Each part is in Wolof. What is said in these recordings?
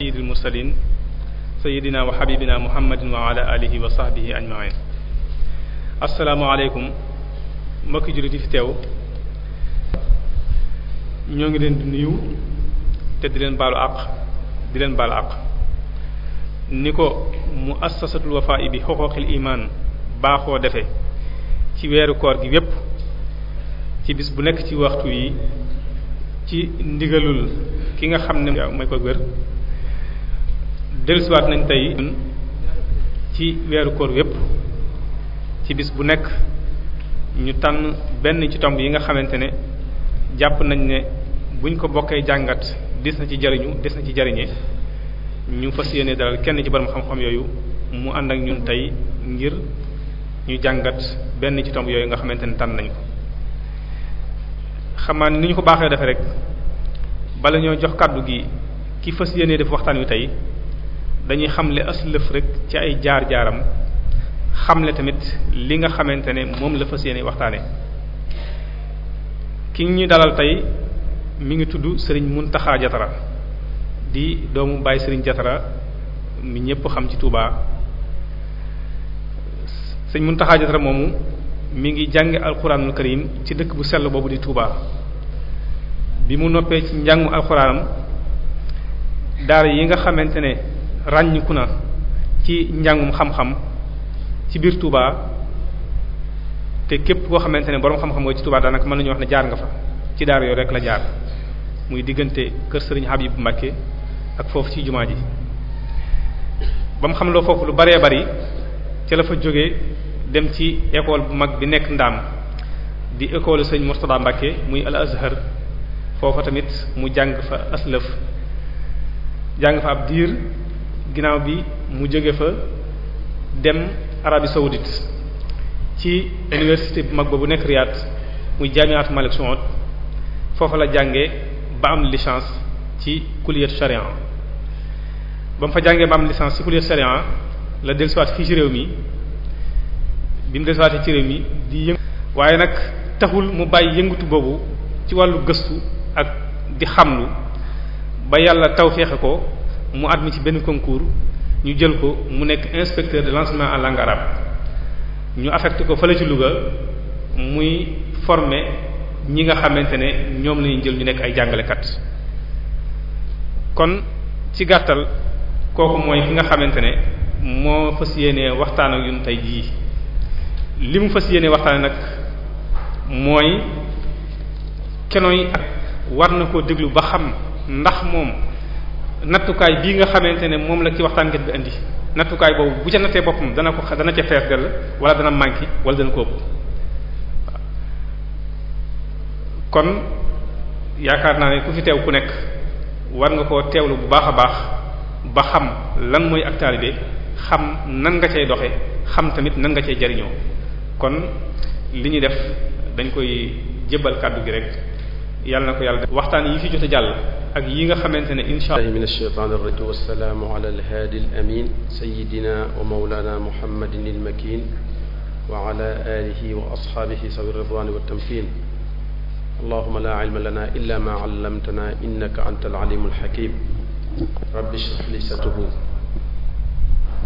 sayyidil mursalin sayyidina wa xabibina muhammadin wa ala alihi wa sahbihi ajmain asalaamaaleykum mbokki jullit yi fi teew ñoo ngi leen di nuyu te di leen baalu àq di leen baalu àq ni ko mu assasatul wafaa bi xuquuqil imaan baaxoo defe ci weeru koor gi wépp ci bis bu nekk ci waxtu yi ci ndigalul ki nga xam ne mooy ko wér dellusiwaat nañ tey ci weeru koor wépp ci bis bu nekk ñu tànn benn ci tomb yi nga xamante ne jàpp nañ ne buñ ko bokkee jàngat dis na ci jariñu des na ci jariñe ñu fas yéene dalal kenn ci borom xam-xam yooyu mu ànd ak ñun tey ngir ñu jàngat benn ci tomb yooyu nga xamante ne tànn nañ ko xamaa ni ñu ko baaxee defee rek bala ñoo jox kàddu gi ki fas yéene def waxtaan wi tey dañuy xamle aslëf rekk ci ay jaar-jaaram xamle tamit li nga xamante ne moom la fa yéene waxtaane ki ñu dalal tey mi ngi tudd sëriñ Muntaxa Jatara di doomu Baye sëriñ Jatara mi ñëpp xam ci Touba sëriñ Muntaxa Jatara moomu mi ngi jànge alquranul karim ci dëkk bu sell boobu di Touba bi mu noppee ci njàngu alquranam daara yi nga xamante ne ràññiku na ci njàngum xam-xam ci biir Touba te képp koo xamante ne boroom xam-xam nga ci Touba daanaka mën nañu wax na jaar nga fa ci daar yooyu rek la jaar muy diggante kër Serigne Habib Mbacké ak foofu ci jumaa ji ba mu xam loo foofu lu baree bari ca la fa jógee dem ci école bu mag bi nekk ndaam di école Serigne Mourtada Mbacké muy Al Azhar foofa tamit mu jàng fa aslëf jàng fa ab diir ginnaaw bi mu jóge fa dem Arabie saoudite ci université bu mag boobu nekk Riyad muy Jamiat Malik Saoud foofa la jànge ba am licence ci kulliyatu sharia ba mu fa jàngee ba am licence ci kulliyatu sharia la dellusiwaat fii ci réew mi bi mu dellusiwaatee ci réew mi di yëngu waaye nag taxul mu bàyyi yëngatu boobu ci wàllu gëstu ak di xamlu ba yàlla tawféexe ko mu admis ci benn concours ñu jël ko mu nekk inspecteur de l'enseignement en ñu affecté ko fële ci Louga muy former ñi nga xamante ne ñoom lañuy jël ñu nekk ay jàngalekat kon ci gàttal kooku mooy ki nga xamante ne moo fas yéenee waxtaan ak ñun tey jii li mu fas yéenee waxtaane nag mooy kenoy ak war na koo déglu ba xam ndax moom nattukaay bii nga xamante ne moom la waxtaan waxtaankat bi indi nattukaay boobu bu ca nattee boppam dana ko dana ca fees dell wala dana manqué wala dana ko ëpp kon yaakaar naa ne ku fi teew ku nekk war nga koo teewlu bu baax a baax ba xam lan mooy ak taalibe xam nan nga cay doxe xam tamit nan nga cay jariñoo kon li ñuy def dañ koy jëbal kàddu gi rek yàlla na ko yàlla def waxtaan yi fi jot a jàll ak yi nga xamante ne insha Allah min ash-shaytaan ar-rajiim wa salaamu ala al-haadi al-amiin sayyidina wa mawlaana muhammadin al-makiin wa ala aalihi wa ashaabihi sawi ridwaani wa tamkiin allahumma laa ilma lanaa illaa maa 'allamtanaa innaka anta al-'aliimu al-hakiim rabbi ishrah li sadri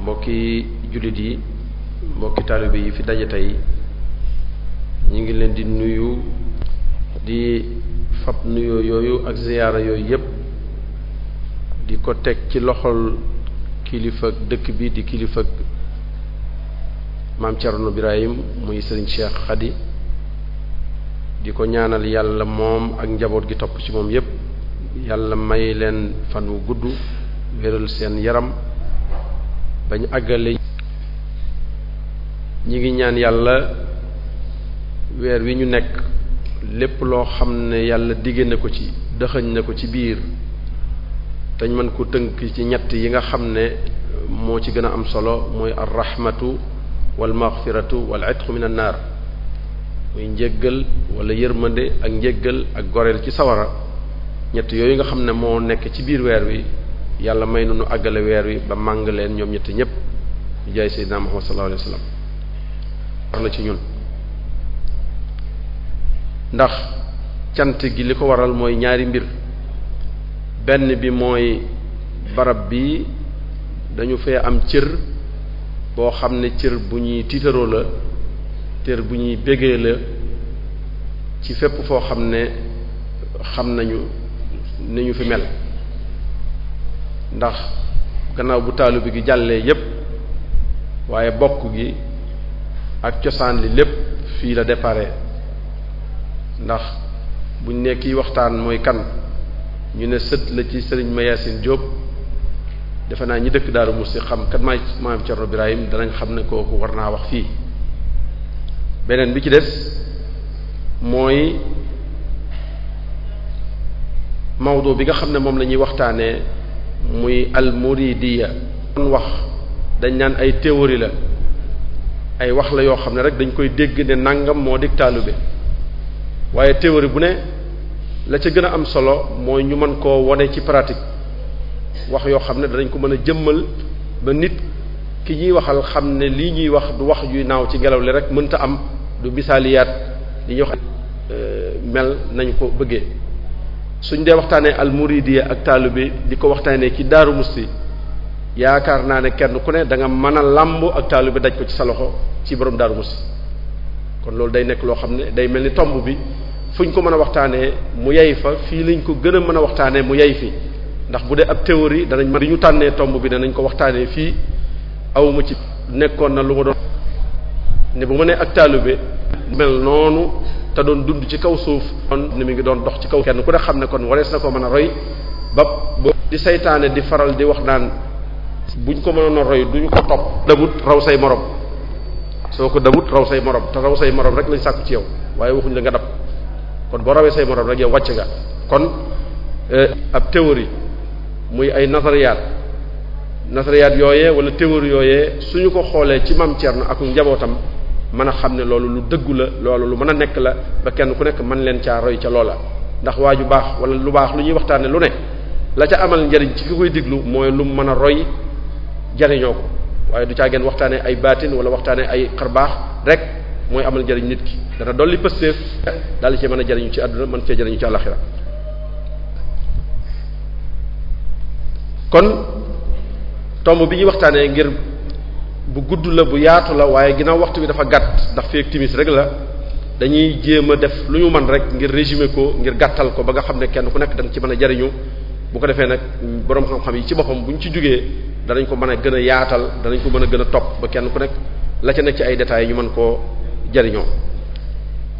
mbokki jullit yi mbokki taalibe yi fi daje tey ñu ngi leen di nuyu di fab nuyoo yooyu ak ziyaara yooyu yépp di ko teg ci loxol kilifa dëkk bi di kilifa maam Cerno Birahim muy seen Cheikh xadi di ko ñaanal yàlla moom ak njaboot gi topp ci moom yépp yàlla may leen fan wu gudd wéral seen yaram bañ àggale ñi ngi ñaan yàlla weer wi ñu nekk lépp loo xam ne yàlla digge ko ci dëxëñ ne ko ci biir dañ mën ko tënk ci ñett yi nga xam ne moo ci gën a am solo mooy arrahmatu raxmatu wal itqu min an naar muy njéggal wala yërmande ak njéggal ak goreel ci sawara ñett yooyu nga xam ne moo nekk ci biir weer wi yàlla may nu nu àggale weer wi ba màng leen ñoom ñett ñépp jaay seydina Muhammad sallallahu alayhi wasallam war na ci ñun ndax cant gi li ko waral mooy ñaari mbir benn bi mooy barab bi dañu fee am cër boo xam ne cër bu ñuy tiitaroo la cër bu ñuy bégee la ci fépp foo xam ne xam nañu ni ñu fi mel ndax gannaaw bu taalibe gi jàllee yépp waaye bokk gi ak cosaan li lépp fii la depare ndax buñ ne kii waxtaan mooy kan ñu ne sët la ci sëriñ Mayasin Diop defe naa ñi dëkk Daaru Muxti xam kat maay maam Thierno Birahim danañ xam ne kooku war naa wax fii beneen bi ci des mooy mawdo bi nga xam ne moom lañuy waxtaanee muy almuridiya kon wax dañ naan ay théorie la ay wax la yoo xam ne rek dañ koy dégg ne nangam moo dig taalibe waaye théorie bu ne la ca gën a am solo mooy ñu mën koo wone ci pratique wax yoo xam ne danañ ko mën a jëmmal ba nit ki ñuy waxal xam ne lii ñuy wax du wax yuy naaw ci ngelaw li rek mënta am du bisaaliyaat li euh, mel nañu ko bëggee suñ dee waxtaanee almuridiya ak taalibe di ko waxtaanee ci Daaru Musti yaakaar naa ne kenn ku ne danga nga mën a làmb ak bi daj ko ci sa loxo ci borom Daaru mussi kon loolu day nekk loo xam ne day mel ni tomb bi fuñ ko mën a waxtaanee mu yay fa fii lañ ko gën a mën a waxtaanee mu yay fi ndax bu dee ab théorie danañ mën di ñu tànnee tomb bi danañ ko waxtaanee fii awma ci nekkoon na lu ma doon ne bu ma nee ak taalibe mel noonu te doon dund ci kaw suuf kon ni mi ngi doon dox ci kaw kenn ku ne xam ne kon warees na ko mën a roy ba di seytaane di faral di wax naan buñ ko mën a roy duñu ko topp dabut raw say morom soo ko dabut raw say morom te raw say morom rek lañ sàkku ci yow waaye waxuñ la nga dab kon boo rawee say morom rek yow wàcc nga kon eh, ab théorie muy ay nasariyaat nasariyaat yooyee wala théorie yooyee suñu ko xoolee ci mam na ak njabootam mën a xam ne loolu lu dëggu la loolu lu mën a nekk la ba kenn ku nekk mën leen caa roy ca loola ndax waa ju baax wala lu baax lu ñuy waxtaane lu ne la ca amal njariñ ci ki koy diglu mooy lu mën a roy jariñoo ko waaye du caa gën waxtaane ay baatin wala waxtaanee ay xarbaax rek mooy amal njariñ nit ki dana dolli pësteef daal di cee mën a jariñu ci àdduna mën cee jariñu ci àllaxira kon tomb bi ñuy waxtaanee ngir bu gudd la bu yaatu la waaye ginnaaw waxtu bi dafa gàtt ndax feek timis rek la dañuy jéem a def lu ñu man rek ngir résumer ko ngir gàttal ko ba nga xam ne kenn ku nekk da ci mën a jariñu bu ko defee nag boroom xam-xam yi ci boppam bu ñu ci jógee danañ ko mën a gën a yaatal danañ ko mën a gën a topp ba kenn ku nekk la ca ci ay détails ñu mën koo jariñoo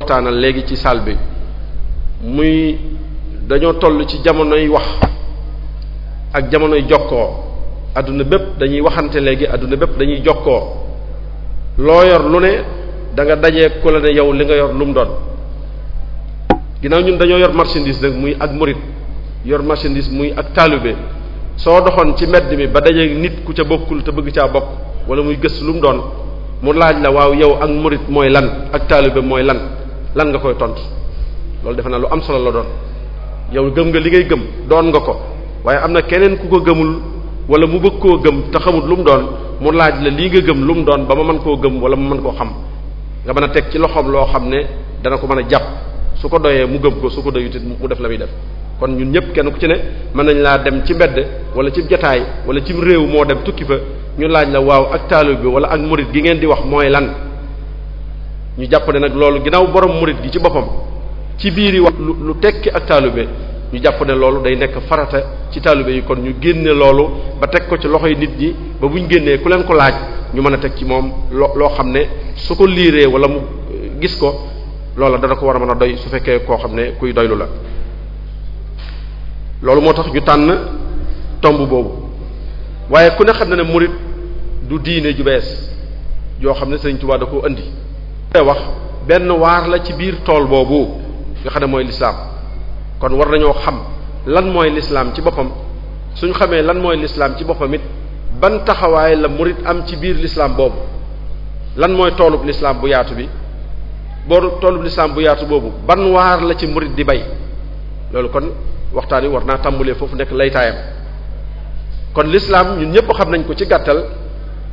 waxtaanal léegi ci salle bi muy dañoo toll ci jamonoy wax ak jamonoy jokkoo àdduna bépp dañuy waxante léegi àdduna bépp dañuy jokkoo loo yor lu ne da nga ku la ne yow li nga yor lu mu doon ginnaaw ñun dañoo yor marchandise nag muy ak murit yor marchandise muy ak taalibe soo doxoon ci mbedd mi ba dajee nit ku ca bokkul te bëgg caa bokk wala muy gës lu doon mu laaj la waaw yow ak murit mooy lan ak taalibe mooy lan lan nga koy tontu loolu defe naa lu am solo la doon yow gëm nga li ngay gëm doon nga ko waaye am na keneen ku ko gëmul wala mu bëgg koo gëm te xamut lu mu doon mu laaj la lii nga gëm lu mu doon ba ma mën koo gëm wala mu mën koo xam nga mën a teg ci loxoom loo xam ne dana ko mën a jàpp su ko doyee mu gëm ko su ko doyut it mu def la muy def kon ñun ñëpp kenn ku ci ne mën nañ laa dem ci mbedd wala ci jataay wala ci réew moo dem tukki fa ñu laaj la waaw ak taalib bi wala ak morit gi ngeen di wax mooy lan ñu jàpp ne nag loolu ginnaaw borom murid gi ci boppam ci biir yi wax lu lu tekki ak taalibe ñu jàpp ne loolu day nekk farata ci taalibe yi kon ñu génne loolu ba teg ko ci loxo yi nit ñi ba bu génnee ku leen ko laaj ñu mën a teg ci moom loo loo xam ne su ko liiree wala mu gis ko loola dana ko war a mën a doy su fekkee koo xam ne kuy doylu la loolu moo tax ñu tànn tomb boobu waaye ku ne xam na ne murid du diine ju bees yoo xam ne Sëriñ Tuubaa da koo indi wax benn waar la ci biir tool boobu nga xam ne mooy lislaam kon war nañoo xam lan mooy lislaam ci boppam suñ xamee lan mooy lislaam ci boppamit ban taxawaay la murid am ci biir lislaam boobu lan mooy toolub lislaam bu yaatu bi boo toolub lislaam bu yaatu boobu ban waar la ci murid di bay loolu kon waxtaan wi war naa tàmbalee foofu nekk laytaayam kon l'islam ñun ñëpp xam nañ ko ci gàttal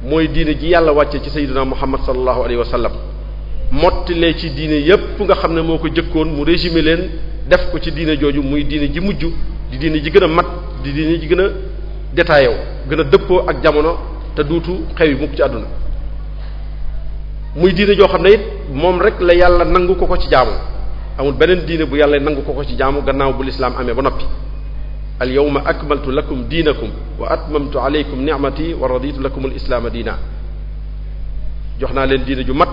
mooy diine ji yàlla wàccee ci sayyidina muhammad sallallahu alayhi wa sallam mottilee ci diine yépp nga xam ne moo ko jëkkoon mu résumé leen def ko ci diine jooju muy diine ji mujj di diine ji gën a mat di diine ji gën a détaillé gën a dëppoo ak jamono te duutu xew yi mukk ci àdduna muy diine joo xam ne it moom rek la yàlla nangu ko ko ci jaamu amul beneen diine bu yàlla nangu ko ko ci jaamu gannaaw bu lislaam amee ba noppi al yawma akmaltu lakum diinakum wa atmamtu aleykum ni'mati wa raditu lakum al islaama diina jox naa leen diina ju mat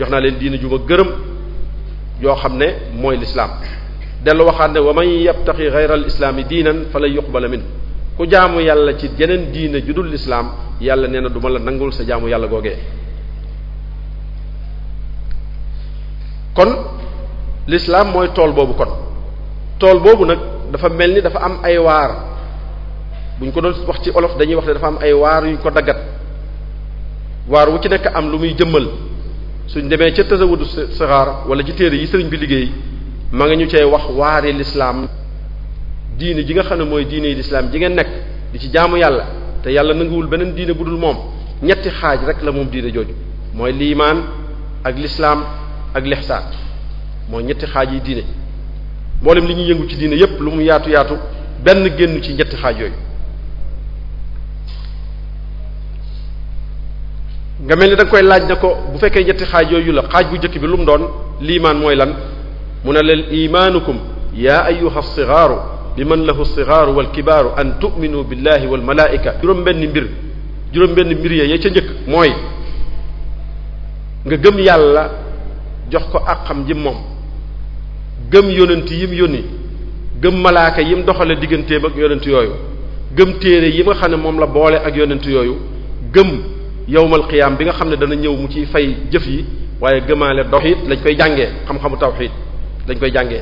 jox naa leen diina ju ma gërëm yoo xam ne mooy lislaam dellu waxaat ne wa man yabtaxi gayra al islaami fa lan yuqbala ku jaamu yàlla ci jeneen diina ju dul lislaam yàlla nee na du ma la nangul sa jaamu yàlla googee kon lislaam mooy tool boobu kon tool boobu nag dafa mel ni dafa am ay waar bu ñu ko doon wax ci olof dañuy wax ne dafa am ay waar yu ñu ko daggat waar wu ci nekk am lu muy jëmmal suñ demee ca tasawudu saxaar wala ci téere yi sëriñ bi liggéey ma nga ñu cay wax waari lislaam diine ji nga xam ne mooy diine lislaam ji ngeen nekk di ci jaamu yàlla te yàlla nanguwul beneen diine bu dul moom ñetti xaaj rek la moom diine jooju mooy liimaan ak lislaam ak lixsaan mooy ñetti xaaj yi diine mboolem li ñuy yëngu ci diine yépp lu mu yaatu yaatu benn génnu ci ñetti xaaj yooyu nga mel ni da koy laaj na ko bu fekkee ñetti xaaj yooyu la xaaj bu njëkk bi lu mu doon liimaan mooy lan mu ne leen imaanukum yaa ayyuha sigaaru bi man lahu sigaaru wal kibaaru an tu'minu billahi wal malaa'ika juróom benn mbir juróom benn mbir ya ca njëkk mooy nga gëm yàlla jox ko àqam ji moom gëm yonent yim yónni gëm malaaka yim doxale digganteem ak yonent yooyu gëm téere yi nga xam ne moom la boole ak yonent yooyu gëm yowmal qiyaam bi nga xam ne dana ñëw mu ci fay jëf yi waaye gëmaale dox it lañ koy jàngee xam-xamu tawxiid lañ koy jànge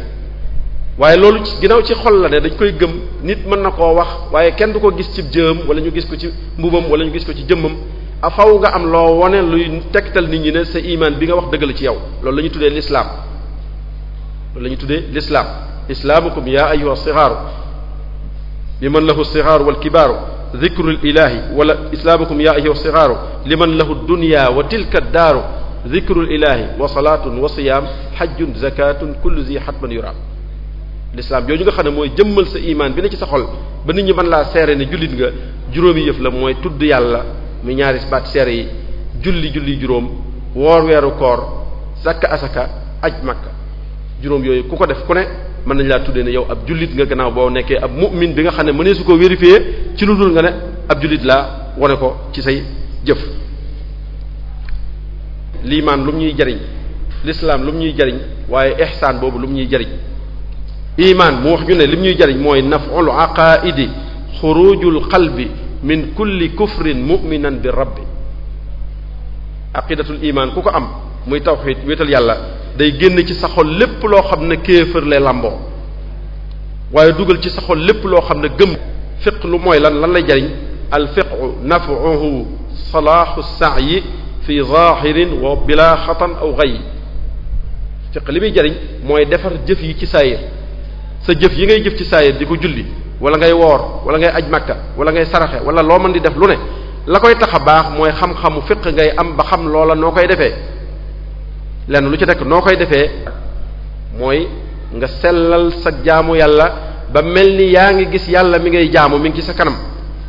waaye loolu ci ginnaaw ci xol la ne dañ koy gëm nit mën na koo wax waaye kenn du ko gis ci jëm wala ñu gis ko ci mbubam wala ñu gis ko ci jëmmam a faw nga am loo wone luy tegtal nit ñi ne sa iman bi nga wax dëgg la ci yow loolu la ñu tuddee lislaam loolu la ñu tuddee l'islam islaamukum yaa ayuha sixaaru liman lahu sixaaru wal kibaaru dicru lilahi wala islaamukum yaa ayuha sixaaru liman lahu dunya wa tilka daaru dicru lilahi wa salaatun wa siyaam xajjun zakatun kullu zi xatman yuraam l'islam yooyu nga xam ne mooy jëmmal sa imaan bi ne ci sa xol ba nit ñi mën laa seere ne jullit nga juróomi yëf la mooy tudd yàlla mu ñaari baat seere yi julli julli juróom woor weeru koor zakka asaka aj makka juróom yooyu ku ko def ku ne mën nañ laa tuddee ne yow ab jullit nga gannaaw boo nekkee ab mu'min bi nga xam ne mënee su ko vérifier ci lu dul nga ne ab jullit laa wane ko ci say jëf liimaan lu mu ñuy jariñ lislaam lu mu ñuy jariñ waaye ihsaan boobu lu mu ñuy jariñ imaan mu wax ñu ne li mu ñuy jariñ mooy naf'ul aqaa'idi xurujul qalbi min kulli kufrin mu'minan bi rabbi aqidatul imaan ku ko am muy tawxiid wéetal yàlla day génn ci sa xol lépp loo xam ne kéefër lay làmboo waaye dugal ci sa xol lépp loo xam ne gëm fiq lu mooy lan lan la jariñ al fiqu naf'uhu salaahu sa'yi fi zahirin wa bila xatan aw gay fiq li muy jariñ mooy defar jëf yi ci saayir sa jëf yi ngay jëf ci saayir di ko julli wala ngay woor wala ngay aj makka wala ngay saraxe wala loo mën di def lu ne la koy tax a baax mooy xam-xamu fiq ngay am ba xam loola noo koy defee lenn lu ci nekk noo koy defee mooy nga sellal sa jaamu yàlla ba mel ni yaa ngi gis yàlla mi ngay jaamu mi ngi ci sa kanam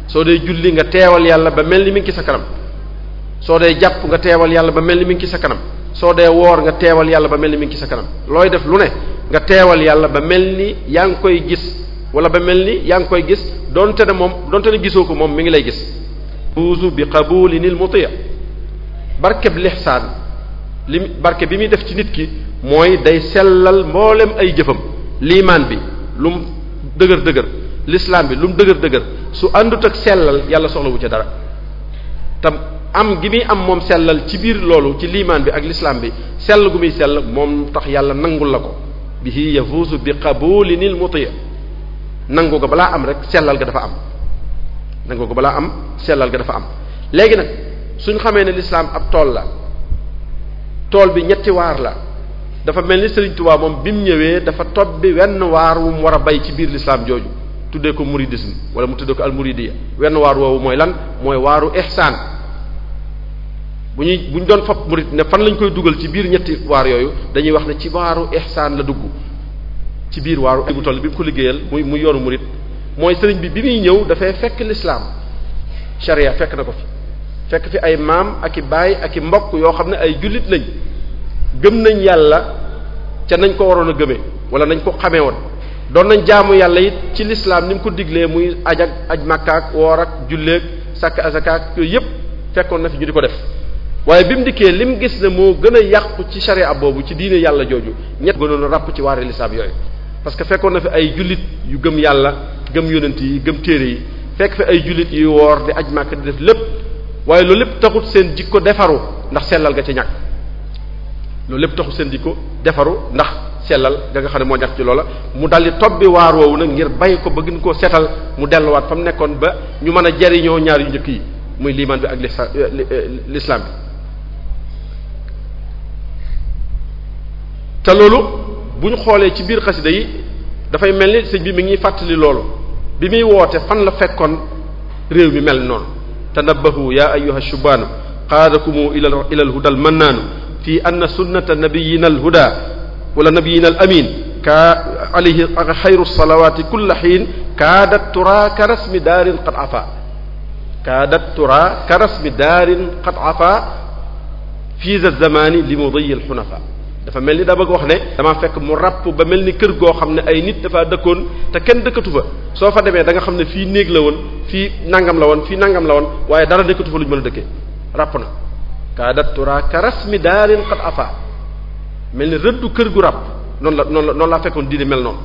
soo dee julli nga teewal yàlla ba mel ni mi ngi ci sa kanam soo dee jàpp nga teewal yàlla ba mel ni mi ngi ci sa kanam soo dee woor nga teewal yàlla ba mel ni mi ngi ci sa kanam looy def lu ne nga teewal yàlla ba mel ni yaa ngi koy gis wala ba mel ni yaa ngi koy gis donte ne moom donte ne gisoo ko moom mi ngi lay gis. buusu bi qabulinil muti barkeb lixsaan li barke bi muy def ci nit ki mooy day sellal mboolem ay jëfam liimaan bi lu mu dëgër dëgër l'islam bi lu dëgër dëgër su àndut ak sellal yàlla soxlawu ca dara te am gi muy am moom sellal ci biir loolu ci liimaan bi ak lislaam bi sell gu muy sell moom tax yàlla nangul la ko bihi yafuusu bi qabulinil muti nangu ko balaa am rek sellal ga dafa am nangu ko balaa am sellal ga dafa am léegi nag suñ xamee ne l'islam ab tool la tool bi ñetti waar la dafa mel ni sëriñ Touba moom bi mu ñëwee dafa topp bi wenn waar wu mu war a bay ci biir lislaam jooju tuddee ko mouridisme wala mu tuddee ko almouridiya wenn waar woowu mooy lan mooy waaru ihsaan bu ñuy bu ñu doon fab murid ne fan lañu koy dugal ci biir ñetti waar yooyu dañuy wax ne ci waaru ihsaan la dugg ci biir waaru bu toll bi mu ko liggéeyal muy muy yoonu murid mooy sëriñ bi bi muy ñëw dafay fekk lislaam sharia fekk na ko fekk fi ay maam ak i baay ak i mbokk yoo xam ne ay jullit lañ gëm nañ yàlla ca nañ ko waroon a gëmee wala nañ ko xamee woon doon nañ jaamu yàlla it ci lislaam ni mu ko diglee muy aj ak aj makkaak woor ak julleeg sàkk asakaak yooyu yëpp fekkoon na fi ñu di ko def waaye bi mu dikkee li mu gis ne moo gën a yàqu ci sharia boobu ci diine yàlla jooju ñett gënoon a ràpp ci waare lislaam yooyu parce que fekkoon na fi ay jullit yu gëm yàlla gëm yonent yi gëm téere yi fekk fi ay jullit yuy woor di aj màkk di def lépp waaye loolu lépp taxut seen jikko defaru ndax sellal ga ci ñag loolu lépp taxut seen jikko defaru ndax sellal ga nga xam ne moo ñàkk ci loola mu daldi tobbi waar woowu nag ngir bàyyi ko ba gën koo setal mu delluwaat fa mu nekkoon ba ñu mën a jariñoo ñaar njëkk yi muy liimaan bi ak euh, euh, lislaam bi te loolu bu ñu xoolee ci biir xasida yi dafay mel ni sëñ bi mi ngi fàttali loolu bi muy woote fan la fekkoon réew mi mel ni noonu tanabbahu yaa ayyuha shubaanu qaadakumu ila ila alhuda almannaanu fi anna sunnata nabiyina alhuda wala nabiyina alamin ka alayhi xayru salawaati kulla xiin kaadat turaa ka rasmi daarin qad afaa kaadat turaa ka rasmi daarin qad afaa fii za zamaani li mudiyi alxunafaa dafa mel ni daa bëgg wax ne damaa fekk mu ràpp ba mel ni kër goo xam ne ay nit dafaa dëkkoon te kenn dëkkatu fa soo fa demee da nga xam ne fii néeg la woon fii nangam la woon fii nangam la woon waaye dara dëkkatu fa lu ñu mën a dëkkee ràpp na kaadat tura ka rasmi daarin qad afa mel ni rëddu kër gu ràpp noonu la noonu la noonu laa fekkoon diine mel noonu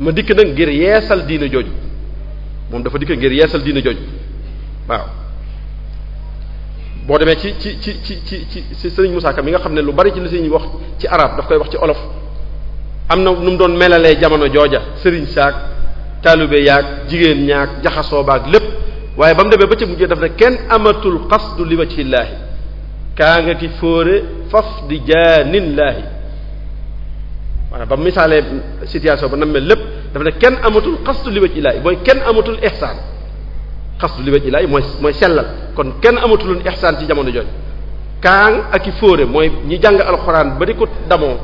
ma dikk nag ngir yeesal diine jooju moom dafa dikk ngir yeesal diine jooju waaw boo demee ci ci ci ci ci ci sëriñ Musaa Ka mi nga xam ne lu bari ci li sëriñ wax ci arab daf koy wax ci olof am na nu mu doon melalee jamono jooja sëriñ saak taalube yaag jigéen ñaag jaxasoo baag lépp waaye ba mu demee ba ca mujjee daf ne kenn amatul qasdu li wajhillaahi kaa nga ki fóore faf di jaanillaahi maanaam ba misaalee situation ba nam lépp daf ne kenn amatul qasdu li wajhillaahi mooy kenn amatul ihsaan qasdu li wajhillaahi mooy mooy sellal kon kenn amatuloon ihsaan ci jamono jooju kaang ak i fóore mooy ñi jàng alxuraan ba di ko damoo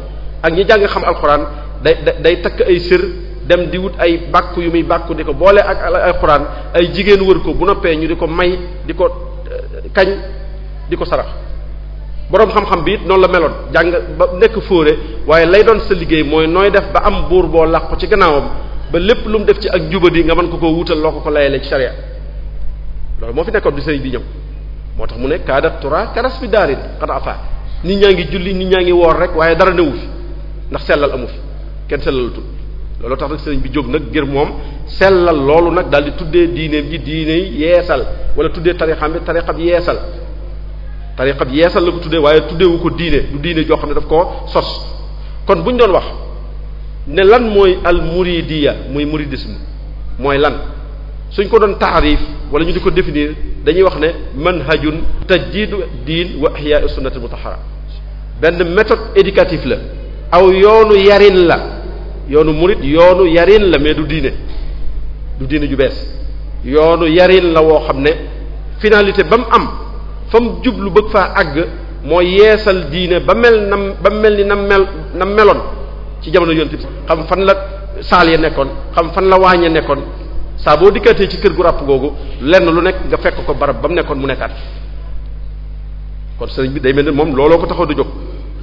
ak ñi jàng xam alxuraan day day takk ay sër dem di wut ay bàkku yu muy bàkku di ko boole ak alxuraan ay jigéen wër ko bu noppee ñu di ko may di ko eh, kañ di ko sarax boroom xam-xam bi it noonu la meloon jàng ba nekk fóore waaye lay doon sa liggéey mooy nooy def ba am buur boo làqu ci gannaawam ba lépp lu mu def ci ak jubadi nga mën ko ko wutal loo ko ko layale ci sharia loolu moo fi nekkoon bi sëriñ di ñëw moo tax mu ne kaadat tura karas bi daarin xat afa nit ñaa ngi julli nit ñaa ngi woor rek waaye dara newu fi ndax sellal amu fi kenn sellalatul looloo tax nag sëriñ bi jóg nag ngir moom sellal loolu nag daal di tuddee diineem ji diiney yeesal wala tuddee tarixam bi tarixab yeesal tarixab yeesal la ko tuddee waaye tuddeewu ko diine du diine joo xam ne dafa ko sos kon bu ñu doon wax ne lan mooy al muridiya muy muridisme mooy lan suñ ko doon taarif wala ñu di ko définir dañuy wax ne man manhajun tajdidu diin wa ihya sunnati mutahhara benn méthode éducative la aw yoonu yarin la yoonu murit yoonu yarin la mais du diine du diine ju bees yoonu yarin la woo xam ne finalité ba mu am fa mu jublu bëgg fa àgg moo yeesal diine ba mel na mel ni na mel na meloon ci jamono yonent bi xam fan la saal ya nekkoon xam fan la waañ ya nekkoon saa boo dikkaatee ci kër gu ràpp googu lenn lu nekk nga fekk ko barab ba mu nekkoon mu nekkaat kon sëriñ bi day mel ne moom looloo ko taxaw da jóg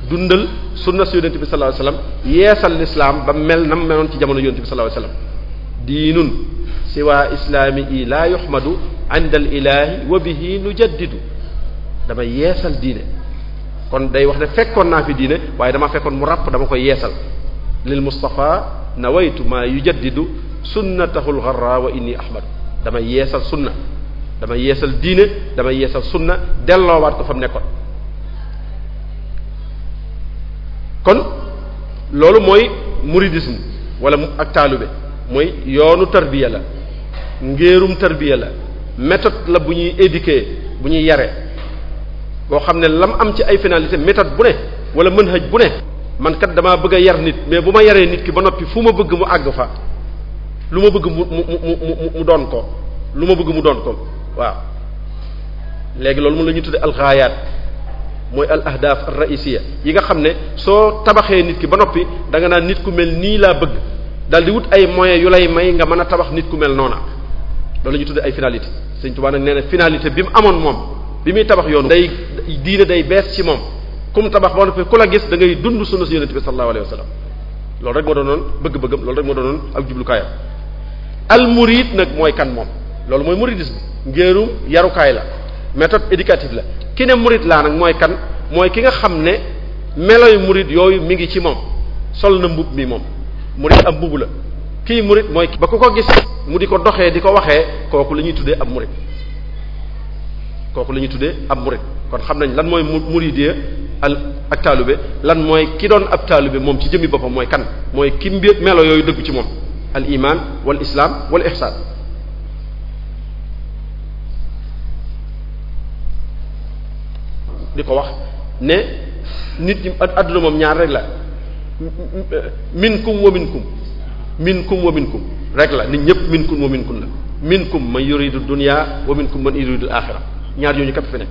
dundal sunna su yonente bi sallallahu alayhi wasallam yeesal lislaam ba mel na meloon ci jamono yonente bi sallallahu alayhi wasallam diinun siwa islaami i laa yuhmadu inda wa bihi nujaddidu dama yeesal diine kon day wax ne fekkoon naa fi diine waaye dama fekkoon mu ràpp dama koy yeesal lil mustafa nawaytu maa yujaddidu sunnatahu lgarra wa inni ahmadu dama yeesal sunna dama yeesal diine dama yeesal sunna delloowaat ko fa mu nekkoon kon loolu mooy muridisme wala ak taalube mooy yoonu tarbiya la ngéerum tarbiya la méthode la bu ñuy éduquer bu ñuy yare boo xam ne lam am ci ay finalité méthode bu ne wala manhaj bu ne man kat damaa bëgg yar nit mais bu ma yaree nit ki ba noppi fu ma bëgg mu àgg fa lu ma bëgg mu mu mu mu doon ko lu ma bëgg mu doon ko waaw léegi loolu moom la ñuy tudde alxaayaat mooy al ahdaaf ar raisiya yi nga xam ne soo tabaxee nit ki ba noppi danga naan nit ku mel nii laa bëgg dal di wut ay moyens yu lay may nga mën a tabax nit ku mel noona loolu la ñu tudde ay finalité Sëriñ Tuubaa nag nee ne finalité bi mu amoon moom bi muy tabax yoon day diine day bees ci moom comme tabax ba noppi ku la gis da ngay dund sunna si yonente bi sallallahu alayhi wa loolu rek moo doonoon bëgg-bëggam loolu rek moo doonoon ak jublukaayam al murid nag mooy kan moom loolu mooy muridisme ngéerum yarukaay la méthode éducative la ki ne murid laa nag mooy kan mooy ki nga xam ne melo yu murid yooyu mi ngi ci moom sol na mbub mi moom murid ab mbubu la kii murid mooy ba ku ko gis mu di ko doxee di ko waxee kooku la ñuy tuddee ab murid kooku la ñuy tuddee ab kon xam nañ lan mooy mu muridee al ak taalube lan mooy ki doon ab taalube moom ci jëmmi boppam mooy kan mooy ki mbir melo yooyu dëggu ci moom al iman wal islam wal ihsan di ko wax ne nit ñi adduna moom ñaar rek la minkum wa minkum minkum wa minkum rek la nit ñëpp minkum wa minkum la minkum man yuridu dunya wa minkum man yuridu axira ñaar yooyu képp fi nekk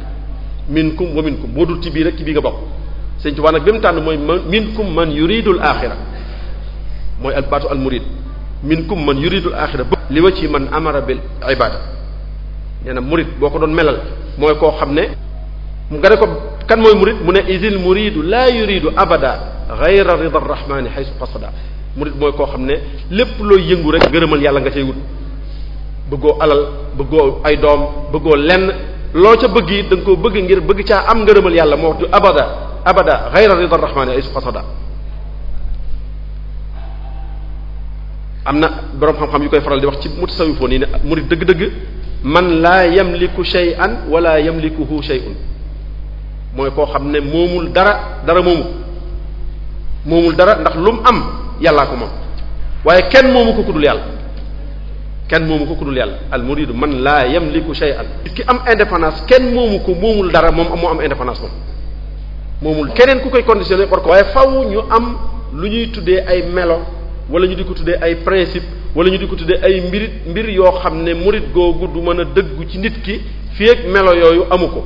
minkum wa minkum boo dul ci bii rek ci bii nga bokk sëñ Tuubaa nag bi mu tànn mooy minkum man yuridul axira mooy al baatu al murid minkum man yuridul axira li wa ci man amara bil ibada nee na murid boo ko doon melal mooy koo xam ne nga ne ko kan mooy murid mu ne isil muridu laa yuridu abada gayra rida arrahmani haysu qasada murid mooy koo xam ne lépp looy yëngu rek ngërëmal yàlla nga cay wut bëggoo alal bëggoo ay doom bëggoo lenn loo ca bëgg it da koo bëgg ngir bëgg caa am ngërëmal yàlla moo du abada abada gayra rida arrahmani haysu qasada am na boroom xam-xam yu koy faral di wax ci mu mutasawifoon yi ne murid dëgg-dëgg man laa yamliku shay'an wala yamlikuhu shay'un mooy koo xam ne moomul dara dara moomu moomul dara ndax lu mu am yàllaa ko moom waaye kenn moomu ko kudul yàlla kenn moomu ko kudul yàlla al muridu man laa yem yamliku shay'an ki am indépendance kenn moomu ko moomul dara moom moo am indépendance moom moomul keneen ku koy conditionné war ko waaye faw ñu am lu ñuy tuddee ay melo wala ñu di ko tuddee ay principe wala ñu di ko tuddee ay mbirit mbir yoo xam ne murit googu du mën a dëggu ci nit ki fii melo yooyu amu ko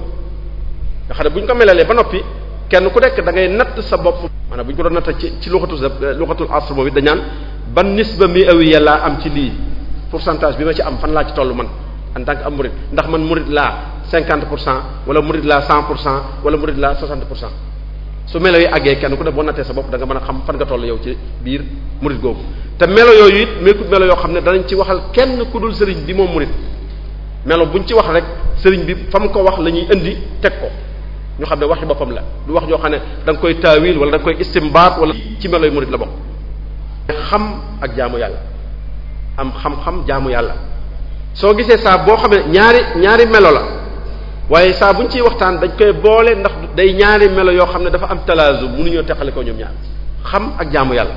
nga bu ñu ko melalee ba noppi kenn ku nekk da ngay natt sa bopp maanaam bu ñu ko doon natt ci ci luxatu luxatul asr boobu dañaan ban nisba mi awiya laa am ci lii pour pourcentage bi ma ci am fan laa ci toll man en tant que am murid ndax man murid laa cinquante pour cent wala murid laa cent pour cent wala murid laa soixante pour cent su melo yi àggee kenn ku ne boo nattee sa bopp da nga mën a xam fan nga toll yow ci biir murid googu te melo yooyu it meekut melo yoo xam ne danañ ci waxal kenn ku dul sëriñ bi moom murid melo buñ ci wax rek sëriñ bi fa mu ko wax la ñuy indi teg ko ñu xam ne wax ci boppam la lu wax joo xam ne danga nga koy taawil wala da nga koy istimbaat wala ci meloy murid la bokk xam ak jaamu yàlla am xam-xam jaamu yàlla soo gisee saa boo xam ne ñaari ñaari melo la waaye saa buñ ci waxtaan dañ koy boole ndax day ñaari melo yoo xam ne dafa am mu mënuñoo teqale ko ñoom ñaar xam ak jaamu yàlla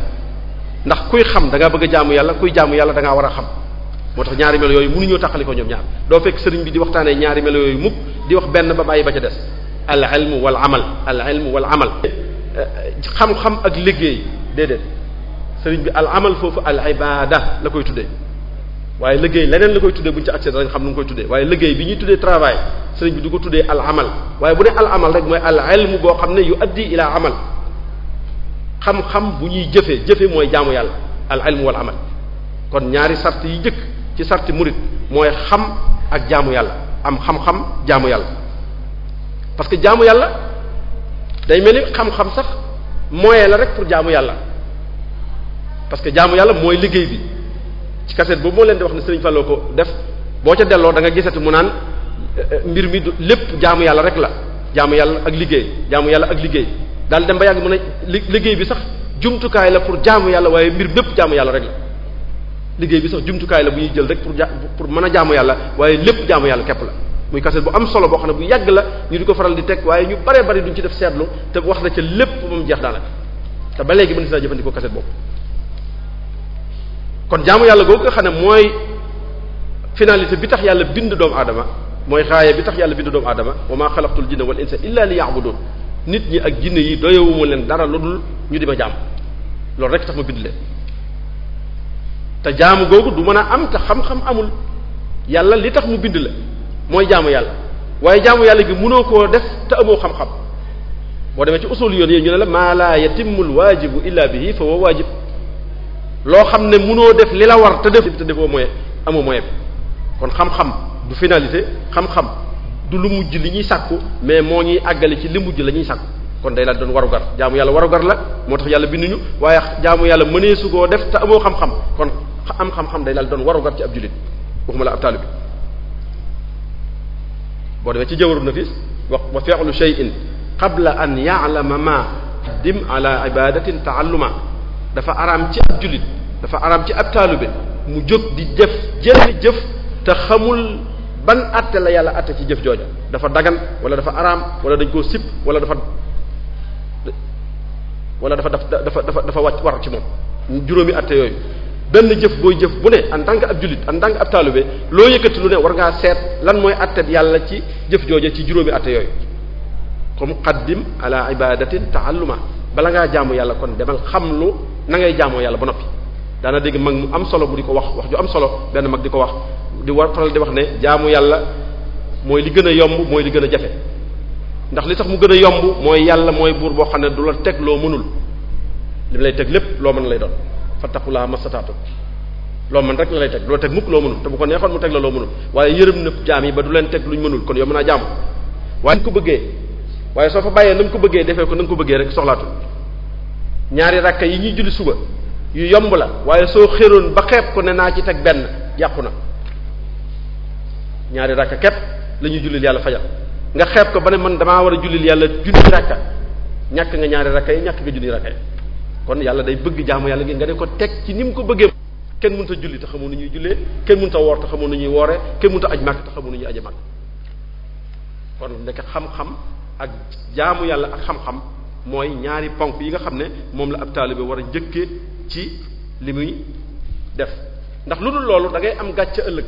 ndax kuy xam da ngaa bëgg a jaamu yàlla kuy jaamu yàlla danga war a xam moo tax ñaari melo yooyu mënuñoo teqale ko ñoom ñaar doo fekk sëriñ bi di waxtaanee ñaari melo yooyu mukk di wax benn ba bàyyi ba ca des al ilm wal amal al ilm wal amal xam-xam ak liggéey déedéet sëriñ bi al amal foofu al ibada la koy tuddee waaye liggéey leneen la koy tuddee bu ci accès dañ xam nu ngi koy tuddee waaye bi ñuy tuddee travail sëriñ bi du ko tuddee al waaye bu ne al amal rek mooy al ilm boo xam ne yu addi ilaa amal xam-xam bu ñuy jëfee jëfe mooy jaamu yàlla al ilm wal amal kon ñaari sart yi jëkk ci sarti murit mooy xam ak jaamu yàlla am xam-xam jaamu yàlla parce que jaamu yàlla day mel ni xam-xam sax moyen la rek pour jaamu yàlla parce que jaamu yàlla mooy liggéey bi ci kaset boobu moo leen di wax ne Serigne Fallou ko def boo ca delloo da nga gisati mu naan mbir mi du lépp jaamu yàlla rek la jaamu yàlla ak liggéey jaamu yàlla ak liggéey daal dem ba yàgg mën a liggéey bi sax jumtukaay la pour jaamu yàlla waaye mbir bépp jaamu yàlla rek la liggéey bi sax jumtukaay la bu ñuy jël rek pour pour mën a jaamu yàlla waaye lépp jaamu yàlla képp la muy kaset bu am solo boo xam ne bu yàgg la ñu di ko faral di teg waaye ñu bare bari duñ ci def seetlu te wax na ca lépp moom jeex daanaka te ba léegi mën si naa jëfandikoo kaset boobu kon jaamu yàlla googu nga xam ne mooy finalité bi tax yàlla bind doomu aadama mooy xaaye bi tax yàlla bind doomu aadama wa maa xalaqtul jinna wal insa illa li ya'budun nit ñi ak jinne yi doyewuma leen dara lu dul ñu di ma jaam loolu rek tax ma bind leen te jaamu googu du mën a am te xam amul yàlla li tax mu bind la mooy jaamu yàlla waaye jaamu yàlla gi mënoo koo def te amoo xam-xam boo demee ci usul yoon yi ñu ne la maa laa yatimmul waajibu illa bihi fa wa waajib loo xam ne mënoo def li la war te def te defoo moyen amoo moyen bi kon xam-xam du finalité xam-xam du lu mujj li ñuy sàkku mais moo ñuy àggale ci li mujj la ñuy sàkku kon day la doon warugar jaamu yàlla warugar la moo tax yàlla binduñu waaye jaamu yàlla mënee su koo def te amoo xam-xam kon am xam day la doon warugar ci ab jullit waxuma la ab taalibe boo demee ci jawharun nafis wax wa fi'lu shay'in qabla an ya'lama ma dim ala ibadatin ta'alluma dafa araam ci ab jullit dafa araam ci ab bi mu jóg di jëf jënn jëf te xamul ban àtte la yàlla àtte ci jëf jooja dafa dagan wala dafa araam wala dañ koo sib wala dafa wala dafa dafa dafa dafa war ci moom juróomi àtte yooyu benn jëf booy jëf bu ne en tant que ab jullit en tant que ab taalibe loo yëkkati lu ne war ngaa seet lan mooy attet yàlla ci jëf jooja ci juróomi atte yooyu comme qaddim ala ibadatin taalluma bala ngaa jaamu yàlla kon demal xam lu na ngay jaamoo yàlla ba noppi daana dégg mag mu am solo bu di ko wax wax ju am solo benn mag di ko wax di war faral di wax ne jaamu yàlla mooy li gën a yomb mooy li gën a jafe ndax li tax mu gën a yomb mooy yàlla mooy buur boo xam ne du la teg loo mënul li mu teg lépp loo mën lay doon fa ma fattaqulaa masataatum loo mën rek la lay teg loo teg mukk loo mënul te bu ko neexoon mu teg la loo mënul waaye yërëm na jaam yi ba du leen teg luñ mënul kon yow mën naa jaamu waaye nañ ko bëggee waaye soo fa bàyyee na nga ko bëggee defee ko na nga ko bëggee rek soxlaatul ñaari rakka yi ñuy julli suba yu yomb la waaye soo xéroon ba xeeb ko ne naa ci teg benn yàqu na ñaari rakka képp la ñuy jullil yàlla fajal nga xeeb ko ba ne man damaa war a jullil yàlla junni ñàkk nga ñaari rakka yi ñàkk nga junni rakka yi kon yàlla day bëgg jaamu yàlla gi nga ne ko teg ci ni mu ko bëggee kenn mënut a julli te xamoo nu ñuy jullee kenn mënut a woor te xamoo woore ñuy wooree kenn mënut a aj màkk te xamoo nu ñuy aje màkk kon nekk xam-xam ak jaamu yàlla ak xam-xam mooy ñaari ponk yi nga xam ne moom la ab taalibe war a njëkkee ci li muy def ndax lu dul loolu da ngay am gàcce ëllëg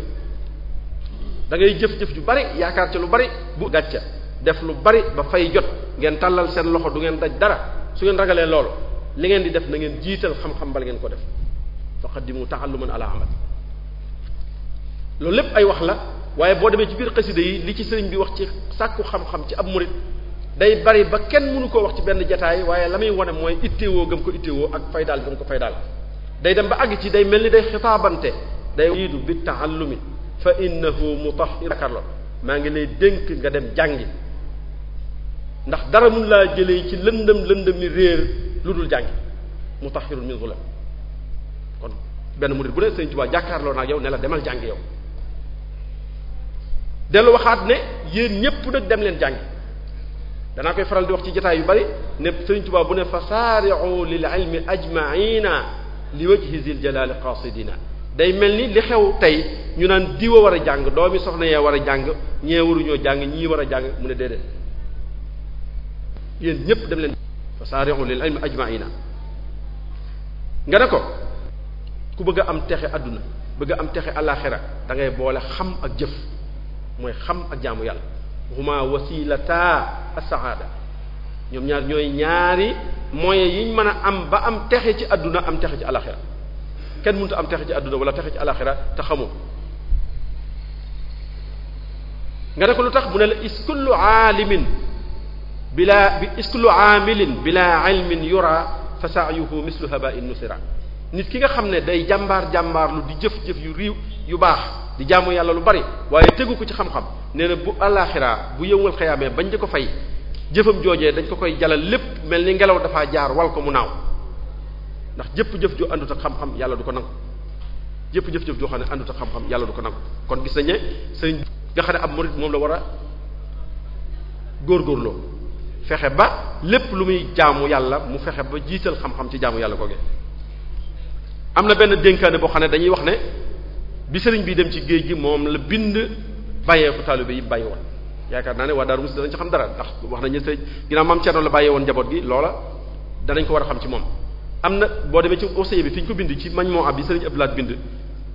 da ngay jëf-jëf ju bari yaakaar si lu bari bu gàcce def lu bari ba fay jot ngeen tàllal seen loxo du ngeen daj dara su ngeen ragalee loolu li ngeen di def na ngeen jiital xam-xam bal ngeen ko def faqaddimu ta'alluman alaa amal loolu lépp ay wax la waaye boo demee ci biir xasida yi li ci sëriñ bi wax ci sàkku xam-xam ci ab murit day bari ba kenn mënu koo wax ci benn jataay waaye la muy wane mooy itteewoo gëm ko itteewoo ak faydaal gëm ko fay faydaal day dem ba àgg ci day mel ni day xitaabante day yiidu bi taallumi fa innahu mutahhir maa ngi lay dénk nga dem jàngi ndax dara mun laa jëlee ci lëndëm lëndëmi réer lu dul jàngi mutahhirun min zulam kon benn murid bu ne Sëriñ Tuubaa jàkkaarloo naag yow ne la demal jàngi yow dellu waxaat ne yéen ñépp nag dem leen jàngi danaa koy faral di wax ci jotaay yu bari ne Sëriñ Tuubaa bu ne fasaari'u lil ilmi ajma'ina li wajhi zil jalali qasidina day mel ni li xew tey ñu naan diwa war a jàng doomi soxna yee war a jàng ñee waruñoo jàng ñii war a jàng mu ne déedéet yéen ñépp dem leen wa saari'u lil ilmi ajma'ina nga ne ko ku bëgg am texe àdduna bëgg am texe alaxira da ngay boole xam ak jëf mooy xam ak jaamu yàlla huma wasilata as-saada ñoom ñaar ñooy ñaari moyens yiñ mën a am ba am texe ci àdduna am texe ci alaxira kenn mënut am texe ci àdduna wala texe ci alaxira te xamoo nga ne ko lu tax mu ne la is kullu aalimin bilaa bi islu aamilin bilaa ilmin yura fa saayuhu mislu haba in nusira nit ki nga xam ne day jàmbaar jàmbaar di jëf-jëf yu riiw yu baax di jaamu yàlla lu bari waaye tegu ko ci xam-xam nee na bu alaxira bu yëwmal xayaamee bañ di ko fay jëfam joojee dañ ko koy jalal lépp mel ni ngelaw dafaa jaar wal ko mu naaw ndax jëpp-jëf ju àndut ak xam-xam yàlla du ko nangu jëpp jëf-jëf joo xam ne àndut ak xam-xam yàlla du ko nangu kon gis nañ ne sëriñ nga xam ne ab la war a góorgóorloo fexe ba lépp lu muy jaamu yàlla mu fexe ba jiital xam-xam ci jaamu yàlla googee am na benn dénkaane boo xam ne dañuy wax ne bi sëriñ bi dem ci géej gi moom la bind bàyyeeku taalibe yi bàyyi woon yaakaar naa ne waa Darou Moukhty danañ ci xam dara ndax wax nañu sëriñ dinaa maam Thierno la bàyyee woon njaboot gi loola danañ ko war a xam ci moom am na boo demee ci aussie bi fi ñu ko bind ci mañ moo ab bi sëriñ Abdoulaye bind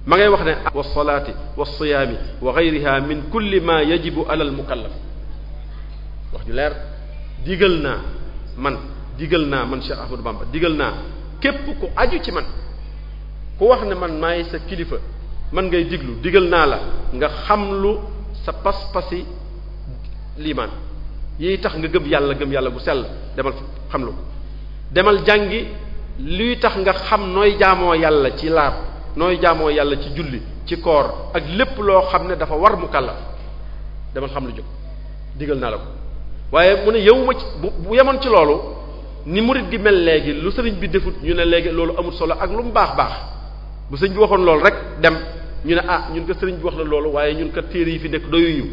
ma ngay wax ne wa salaati wa siyaami wa geyriha min kulli ma yajibu ala al mukallaf wax ju leer digal naa man digal naa man Cheikh Ahmadou Bamba digal naa képp ku aju ci man ku wax ne man maay sa kilifa man ngay diglu digal naa la nga xam lu sa pas-pasi liimaan yi tax nga gëm yàlla gëm yàlla bu sell demal xam lu demal jàngi luy tax nga xam nooy jaamoo yàlla ci laab nooy jaamoo yàlla ci julli ci koor ak lépp loo xam ne dafa war mu kàllaf demal xam lu jóg digal naa la ko waaye mu ne yow ma ci bu bu yemoon ci loolu ni murid gi mel léegi lu sëriñ bi defut ñu ne léegi loolu amul solo ak lu mu baax baax bu sëriñ bi waxoon loolu rek dem ñu ne ah ñun ko sëriñ bi wax na loolu waaye ñun ko téere yi fi nekk doyuñu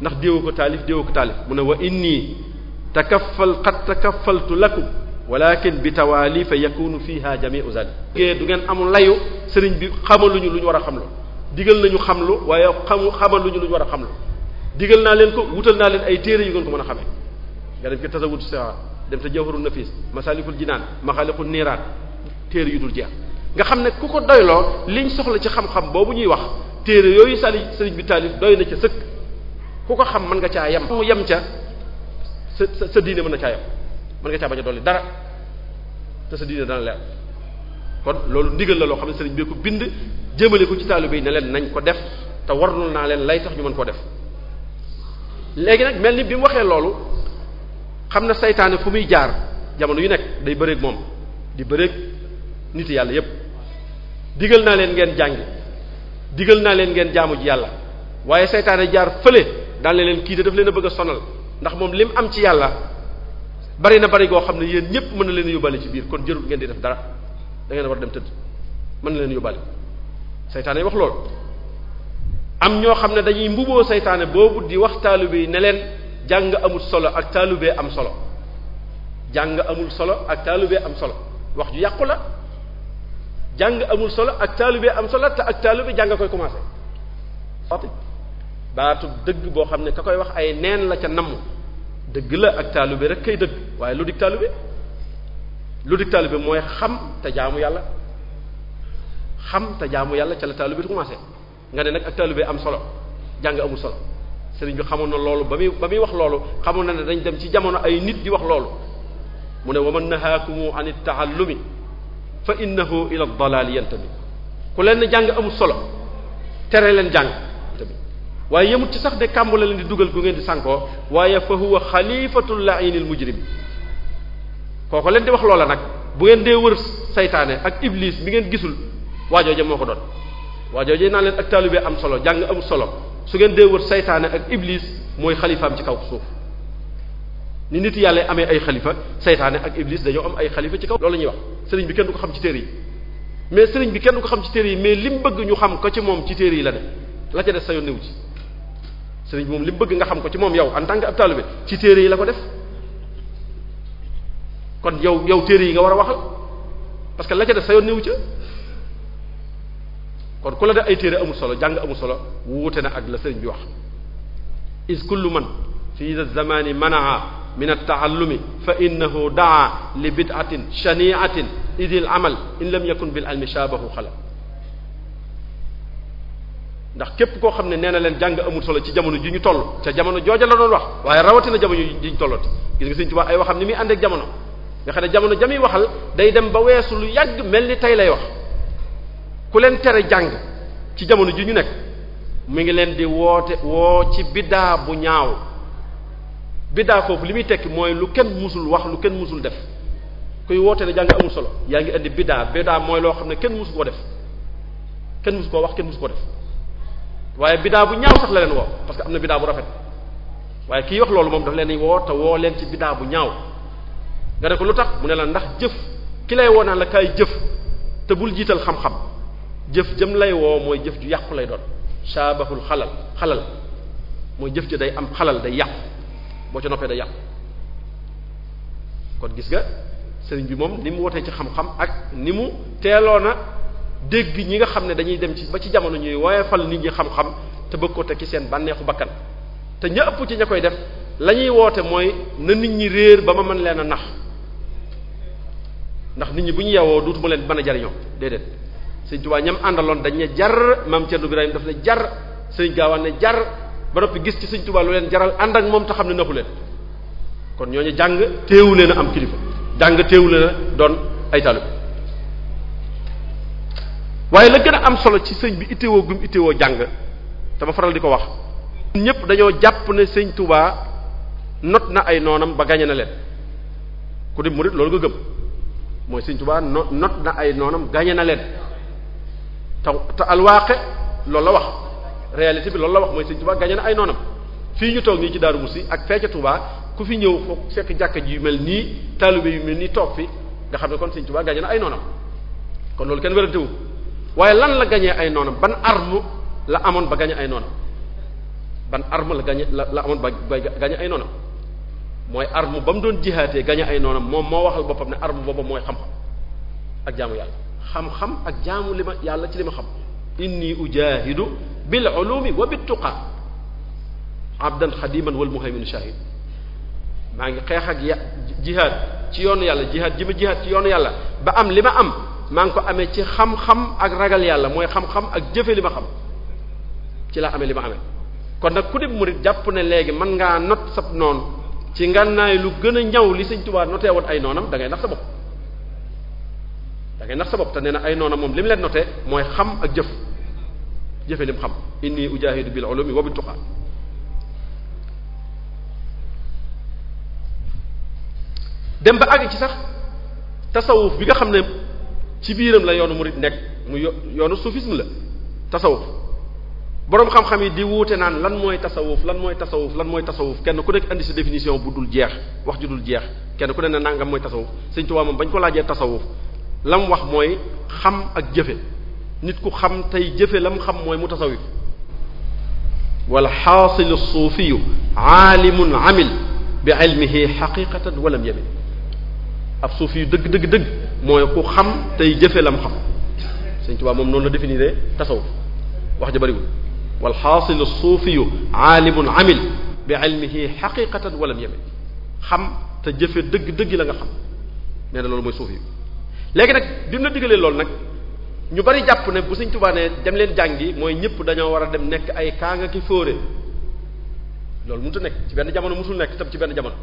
ndax déewu ko taalif déewu ko taalif mu ne wa inni takaffal qad takaffaltu lakum walakin bi tawaali fa fii fiha jami'u zalik du ngeen amul layu sëriñ bi xamaluñu lu ñu war a xamlu digal nañu xamlu waaye xamu xamaluñu lu ñu war a xamlu digal naa leen ko wutal naa leen ay téere yu ngeen ko mën a xamee nga dem ci tasawud sa dem te jawharul nafis masalikul jinaan maxaaliqul niiraat téere yu dul jeex nga xam ne ku ko doyloo liñ soxla ci xam-xam boobu ñuy wax téere yooyu sali sëriñ bi taalif doy na ca sëkk ku ko xam mën nga caa yem mu yem ca sa sa diine mën na caa yem man nga caa ba a dolli dara te sa diine dana leer kon loolu ndigal la loo xam ne sëriñ bi ko bind jëmale ko ci taalibe yi ne leen nañ ko def te warnul naa leen lay tax ñu mën koo def léegi nag mel ni bi mu waxee loolu xam na seytaane fu muy jaar jamono yu nekk day bëreeg moom di bëreeg nit yàlla yépp digal naa leen ngeen jàngi digal naa leen ngeen jaamu ji yàlla waaye saytaane jaar fële daan leen kii de daf leen a bëgg sonal ndax moom li mu am ci yàlla bari na bari goo xam ne yéen ñépp mën na leen yóbbaale ci biir kon jëlul ngeen di def dara da ngeen war dem tëdd mën na leen yóbbaale saytaane wax loolu am ñoo xam ne dañuy mbuboo seytaane boobu di wax taalibe yi ne leen jàng amul solo ak taalibe am solo jàng amul solo ak taalibe am solo wax ju yàqu la jàng amul solo ak taalibe am solo te ak taalibe jàng koy commencé sotti baatu dëgg boo xam ne ka koy wax ay neen la ca namm dëgg la ak taalibe rek kay dëgg waaye lu dig taalibe lu dig taalibe mooy xam te jaamu yàlla xam te jaamu yàlla ca la taalibe di commencé nga ne nag ak taalibe am solo jàng amul solo sëriñ bi xamoon na loolu ba muy ba muy wax loolu xamoon na ne dañ dem ci jamono ay nit di wax loolu mu ne wa man nahaakumu an taallumi fa innahu ila dalaali yantabi ku leen jàng amul solo tere leen jàng tamit waaye yemut ci sax de kàmb la leen di dugal gu ngeen di sànkoo waaye fa huwa xalifatul lainil mujrim kooko leen di wax loola nag bu ngeen dee wër seytaane ak iblis bi ngeen gisul waajoo ja moo ko doon waa jooju naa leen ak taalibe am solo jàng am solo su ngeen dee wër saytaane ak iblis mooy xalifaam ci kaw suuf ni nit yàlla amee ay xalifa saytaane ak iblis dañoo am ay xalifa ci kaw loolu la ñuy wax sëriñ bi kenn du ko xam ci téere yi mais sëriñ bi kenn du ko xam ci téere yi mais li mu bëgg ñu xam ko ci moom ci téere yi la ne la ca def sa yoon néew moom li mu bëgg nga xam ko ci moom yow en tant que ab taalibe ci téere yi la ko def kon yow yow téere yi nga war a waxal parce que la ca def sa yoon néew ca kon ku la def ay téere amul solo jàng amul solo wuute na ak la sëriñ bi wax is kullu man fi zamani manaa min altaallumi fa innahu daa li bidatin shaniatin idil amal in lam yakun bil almi shaabahu xala ndax képp koo xam ne nee na leen jàng amul solo ci jamono ji ñu toll ca jamono jooja la doon wax waaye rawatina jamono ji ñu tollati gis nga Sëriñ Tuubaa ay waxam ni muy ànd ak jamono nga xam ne jamono jamiy waxal day dem ba weesu lu yàgg mel ni tey lay wax ku leen tere jàng ci jamono ji ñu nekk mu ngi leen di woote woo ci biddaa bu ñaaw biddaa foofu li muy tekki mooy lu kenn musul wax lu kenn musul def kuy woote ne jàng amul solo yaa ngi indi biddaa biddaa mooy loo xam ne kenn musu koo def kenn musu koo wax kenn musu koo def waaye biddaa bu ñaaw sax la leen woo parce que am na biddaa bu rafet waaye kiy wax loolu moom daf leen woo te woo leen ci biddaa bu ñaaw nga ne ko lu tax mu ne la ndax jëf ki lay woo naan la kaay jëf te bul jiital xam jëf jëm lay woo mooy jëf ju yàqu lay doon saabahul xalal xalal mooy jëf ji day am xalal day yàqu boo ca noppee day yàqu kon gis nga sëriñ bi moom ni mu wootee ci xam-xam ak ni mu teeloon a dégg ñi nga xam ne dañuy dem ci ba ci jamono ñuy fal nit ñi xam-xam te bëgg ko teg ci seen bànneexu bakkan te ña ëpp ci ña koy def la woote mooy na nit ñi réer ba ma mën leen a nax ndax nit ñi bu ñu yewoo duutuma leen mën a jariñoo déedéet sëñ Tuubaa ñam àndaloon dañ ne jar maam Cerno Birahim daf ne jar sëñ Gaawaan ne jar ba noppi gis ci sëñ Tuubaa lu leen jaral ànd ak moom te xam ne naxu leen kon ñooñu jàng teewu leen a am kilifa jàng teewu leen doon ay talib waaye la gën am solo ci sëñ bi itteewoo gum itteewoo jàng dama faral di ko wax ñépp dañoo jàpp ne sëñ Tuubaa not na ay noonam ba gañe na leen ku di murid loolu nga gëm mooy sëñ Tuubaa not na ay noonam gañe na leen te te alwaaqe loolu la wax réalité bi loolu la wax mooy sëñ Touba gañe na ay noonam fii ñu toog nii ci Darou Moussi ak fee ca Touba ku fi ñëw foog fekk jàkka ji yu mel nii taalibe yu mel nii toog fi nga xam ne kon sëñ Touba gañe na ay noonam kon loolu kenn wérantewu waaye lan la gañee ay noonam ban arme la amoon ba gañe ay noonam ban arme la gañe la la amoon ba ba gañe ay noonam mooy arme ba mu doon jihaatee gañe ay noonam moom moo waxal boppam ne arme boobu mooy xam-xam ak jaamu yàlla xam-xam ak jaamu li ma yàlla ci li ma xam inni ujahidu bil ulumi wa bit tuqa abdan xadiman wal muhaymin shahid maa ngi xeex ak ya jihaad ci yoon yàlla jihaad ji ma jihaad ci yoonu yàlla ba am li ma am maa ngi ko amee ci xam-xam ak ragal yàlla mooy xam-xam ak jëfe li ma xam ci laa amee li ma amee kon nag ku dib murit jàpp ne léegi mën ngaa not sab noonu ci ngànnaay lu gën a ñaw li sëñ notee woon ay noonam da ngay nax sa bopp da ndax nax sa te nee na ay noona moom li mu leen noté mooy xam ak jëf jëfe lim xam inni ujahidu bil ulumi wa bit tuqa dem ba àgg ci sax tasawuf bi nga xam ne ci biiram la yoonu murid nekk mu yoonu soufisme la tasawuf boroom xam-xam yi di wuute naan lan mooy tasawuf lan mooy tasawuf lan mooy tasawuf kenn ku nekk indi sa définition bu dul jeex wax ju dul jeex kenn ku ne ne nangam mooy tasawuf Sëriñ Tuubaa moom bañ ko laajee tasawuf lam wax mooy xam ak jëfe nit ku xam tey jëfe lam xam mooy mutasawif wal xaasilu suufiyu aalimun amil bi ilmihi xaqiqatan walam yamin ab suufi yu dëgg dëgg dëgg mooy ku xam tey jëfe lam xam Sëriñ Tuubaa moom noonu la définir tasawuf wax ja bëriwul wal xaasilu suufiyu aalimun amil bi ilmihi xaqiqatan walam yamin xam te jëfe dëgg dëgg la nga xam nee na loolu mooy suufi léegi nag bi mu la digalee loolu nag ñu bari jàpp ne bu Sëriñ Tuubaa ne dem leen jàngi mooy ñëpp dañoo war a dem nekk ay kaa nga ki fóore loolu mënut a nekk ci benn jamono mësul nekk tam ci benn jamono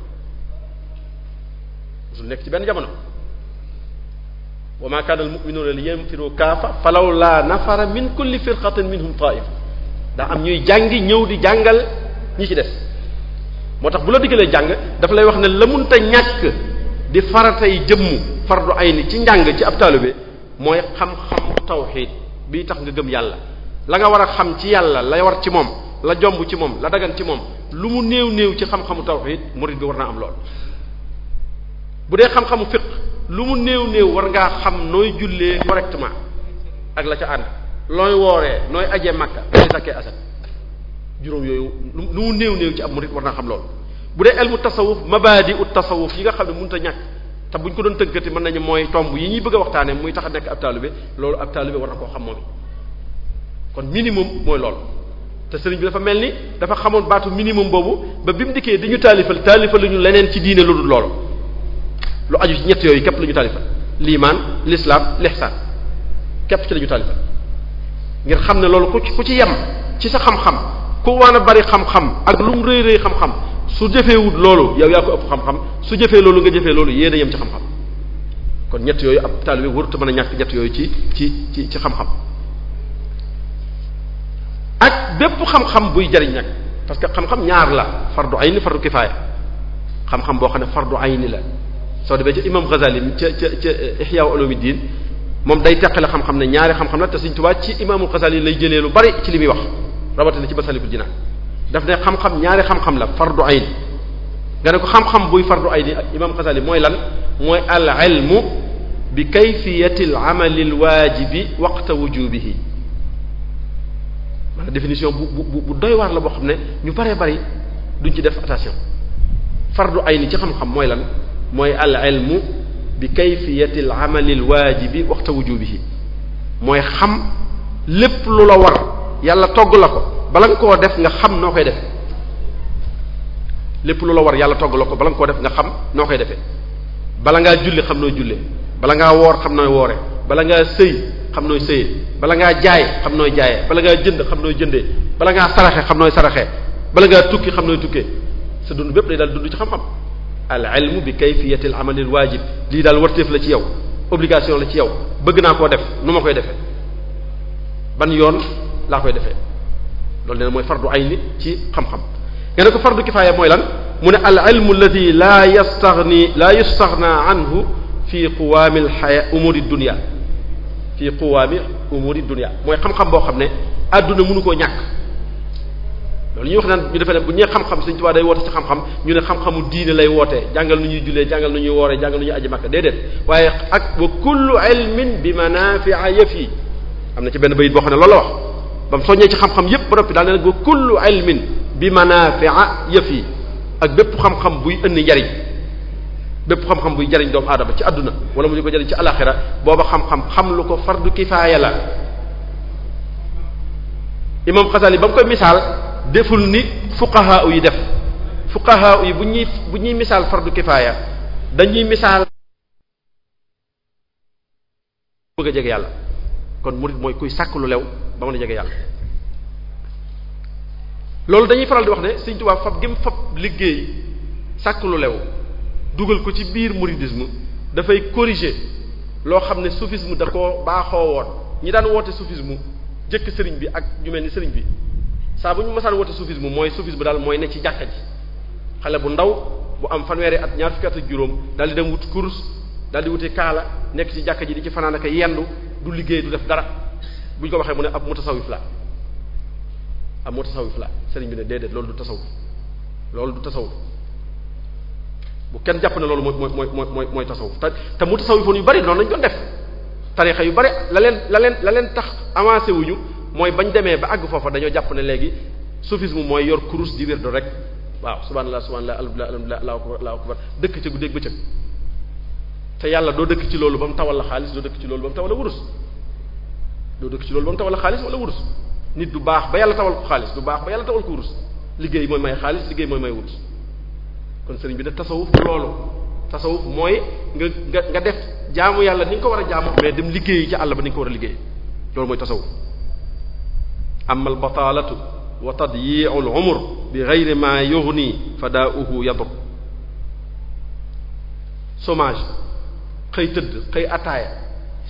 mësul nekk ci benn jamono wa ma kaana al li yanfiru kaafa falaw laa nafara min kulli firqatin minhum ta'ifa daa am ñuy jàngi ñëw di jàngal ñi ci des moo tax bu la diggalee jàng dafa lay wax ne la munta ñàkk di faratay jëmm ay ni ci njàng ci ab taalibe mooy xam-xamu tawxiid bii tax nga gëm yàlla la nga war a xam ci yàlla la war ci moom la jomb ci moom la dagan ci moom lu mu néew néew ci xam-xamu tawxiid murid bi war naa am lool bu dee xam-xamu lu mu néew néew war ngaa xam nooy jullee correctement ak la ca ànd looy wooree nooy ajee makka nooy sakkee asat juróom yooyu lu mu néew néew ci ab murid war naa xam lool bu dee elmu tasawuf mabaadi ut tasawuf yi nga xam ne munta ñàkk te buñ ko doon tëggati mën nañu mooy tomb yi ñuy bëgg a waxtaanee muy tax a nekk ab taalibe loolu ab taalibe war na koo xam moom kon minimum mooy lool te sëriñ bi dafa mel ni dafa xamoon baatu minimum boobu ba bi mu dikkee dañu taalifal taalifaluñu leneen ci diine lu dul loolu lu aju ci ñett yooyu képp la ñu taalifal liimaan lislaam lihsaan képp ci la ñu ngir xam ne loolu ku ci ku ci yem ci sa xam-xam ku waan bari xam-xam ak lu mu rëy su jëfeewut loolu yow yaa ko ëpp xam-xam su jëfee loolu nga jëfee loolu yéen a yem ci xam-xam kon ñett yooyu ab taalibe warut a mën a ñàkk yooyu ci ci ci ci xam ak bépp xam-xam buy jariñ nag parce que xam ñaar la fardu ayni fardu kifaaya xam-xam boo xam ne fardu ayni la soo demee ca imam Ghazali ca ca ca Ihya Ulumuddin moom day teqale xam-xam ne ñaari xam-xam la te Sëriñ Tuubaa ci imaamu Ghazali lay jëlee lu bari ci li muy wax rawatina ci Masaalikul Jinaan daf ne xam-xam ñaari xam-xam la fardu ayn nga ne ko xam-xam buy fardu ayn imam Xasali mooy lan mooy al ilmu bi kayfiyati al amali al waajibi waqta wujubihi maanaam définition bu bu bu doy la boo xam ne ñu bare bari duñ ci def attention fardu ayn ci xam mooy lan mooy al ilmu bi kayfiyati al amali al waajibi waqta wujubihi mooy xam lépp lu la war yàlla togg la ko bala nga koo def nga xam noo koy defe lépp lu la war yàlla togg la ko bala nga koo def nga xam noo koy defee bala ngaa julli xam nooy julle bala ngaa woor xam nooy woore bala ngaa sëy xam nooy sëyee bala ngaa jaay xam nooy jaayee bala ngaa jënd xam nooy jëndee bala ngaa saraxe xam nooy saraxee bala ngaa tukki xam nooy tukkee sa dund bépp day daal dund ci xam-xam al ilmu bi kayfiyati al amali al waajib lii daal warteef la ci yow obligation la ci yow bëgg naa koo def nu ma koy defee ban yoon laa koy defee loolu nee mooy fardu ay ayni ci xam-xam nee na ko fardu kifaaya mooy lan mu ne al ilmu alladi laa yastaghni laa yustaghna anhu fi quwaami alxaya umuri dunia fi quwaami umuri dunia mooy xam-xam boo xam ne adduna mënu koo ñàkk loolu ñuy wax naan ñu defee ne bu ñee xam-xam Sëriñ Tuubaa day ñu ne xam-xamu diine lay wootee jàngal nu ñuy jullee jàngal nu ñuy wooree jàngal nu ñuy aji makka déedéet waaye ak wa kullu ilmin bi manaafi'a yafi am na ci benn bayit boo xam ne loolu la wax ba mu soññee ci xam-xam yépp ba noppi daal ne nag wa kullu ilmin bi manafia yëfi ak bépp xam-xam buy indi njariñ bépp xam-xam buy jariñ doomu aadama ci àdduna wala mu ñu ko jariñ ci alaxira booba xam-xam xam lu ko fardu kifaaya la imam Xasali ba mu koy misaal deful ni fuqaha yi def fuqaha yi bu ñuy bu ñuy misaal fardu kifaaya dañuy misaal bëgg a jege yàlla kon murid mooy kuy sàkk lu lew ba mën a jege yàlla loolu dañuy faral di wax ne Sëriñ Tuubaa fab gëm fab liggéey sàkk lu lew dugal ko ci biir mouridisme dafay corriger loo xam ne soufisme da ko baaxoo woon ñi daan woote soufisme jëkk sëriñ bi ak ñu mel ni sëriñ bi saa bu ñu mësaan woote soufisme mooy soufisme daal mooy ne ci jàkka ji xale bu ndaw bu am fanweeri at ñaar fukki at ak juróom dal di dem wut course dal di wute kaala nekk ci jàkka ji di ci fanaan ak yendu du liggéey du def dara bu ñu ko waxee mu ne ab mutasawif la ab mutasawif la sëriñ bi ne déedéet loolu du tasawuf loolu du tasawuf bu kenn jàpp ne loolu mooy mooy mooy mooy mooy tasawuf te te mutasawifoon yu bari noonu lañ doon def tarixa yu bari la leen la leen la leen tax avancé wuñu mooy bañ demee ba àgg foofa dañoo jàpp ne léegi soufisme mooy yor kurus di wér do rek waaw subhanallah subhanallah alhamdulillah alhamdulillah allahu akbar allahu akbar dëkk ca guddeeg bëccëg te yàlla doo dëkk ci loolu ba mu tawal la xaalis doo dëkk ci loolu ba mu la wurus doo dëkk ci loolu ba mu tawal xaalis wala wurus nit du baax ba yàlla tawal ko xaalis du baax ba yàlla tawal ko wurus liggéey mooy may xaalis liggéey mooy may wurus kon sëriñ bi da tasawuf loolu tasawuf mooy nga nga nga def jaamu yàlla ni nga ko war a jaamu mais dem liggéey ci àll ba ni nga ko war a liggéey loolu mooy tasawuf amal batalatu wa tadyi'u al umr bi ghayri ma yughni fadaa'uhu yadur chômage xëy tëdd xëy ataaya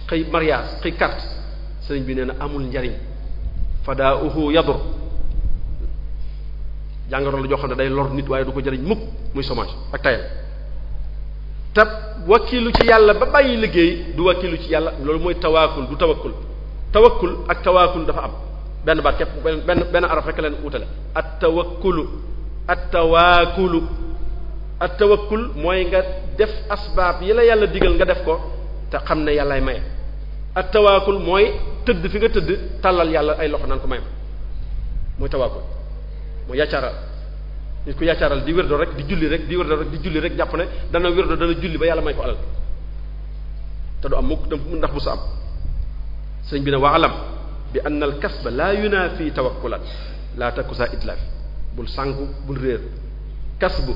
xëy mariage sëriñ bi nee na amul njariñ fadaa uhu yadur jàngoro la joo xam ne day lor nit waaye du ko jariñ mukk muy chômage ak tayal te wakkilu ci yàlla ba bàyyi liggéey du wakkilu ci yàlla loolu mooy tawaakul du tawakkul tawakkul ak tawaakul dafa am benn baat képp benn benn araf rek leen wutale at tawakkulu at tawaakulu at tawakkul mooy nga def asbaab yi la yàlla digal nga def ko te xam ne yàllaay maye ak tawaakul mooy tëdd fi nga tëdd tàllal yàlla ay loxo naan ko may ma mooy tawaakul mooy yàccaaral nit ku yàccaaral di wérdo rek di julli rek di wérdo rek di julli rek jàpp ne dana wérdo dana julli ba yàlla may ko alal te du am mukk ndax bu sa am sëñ bi ne waa alam bi anna al kasba laa yunaafi tawakkulan laa takku itlaaf bul sànku bul réer kasbu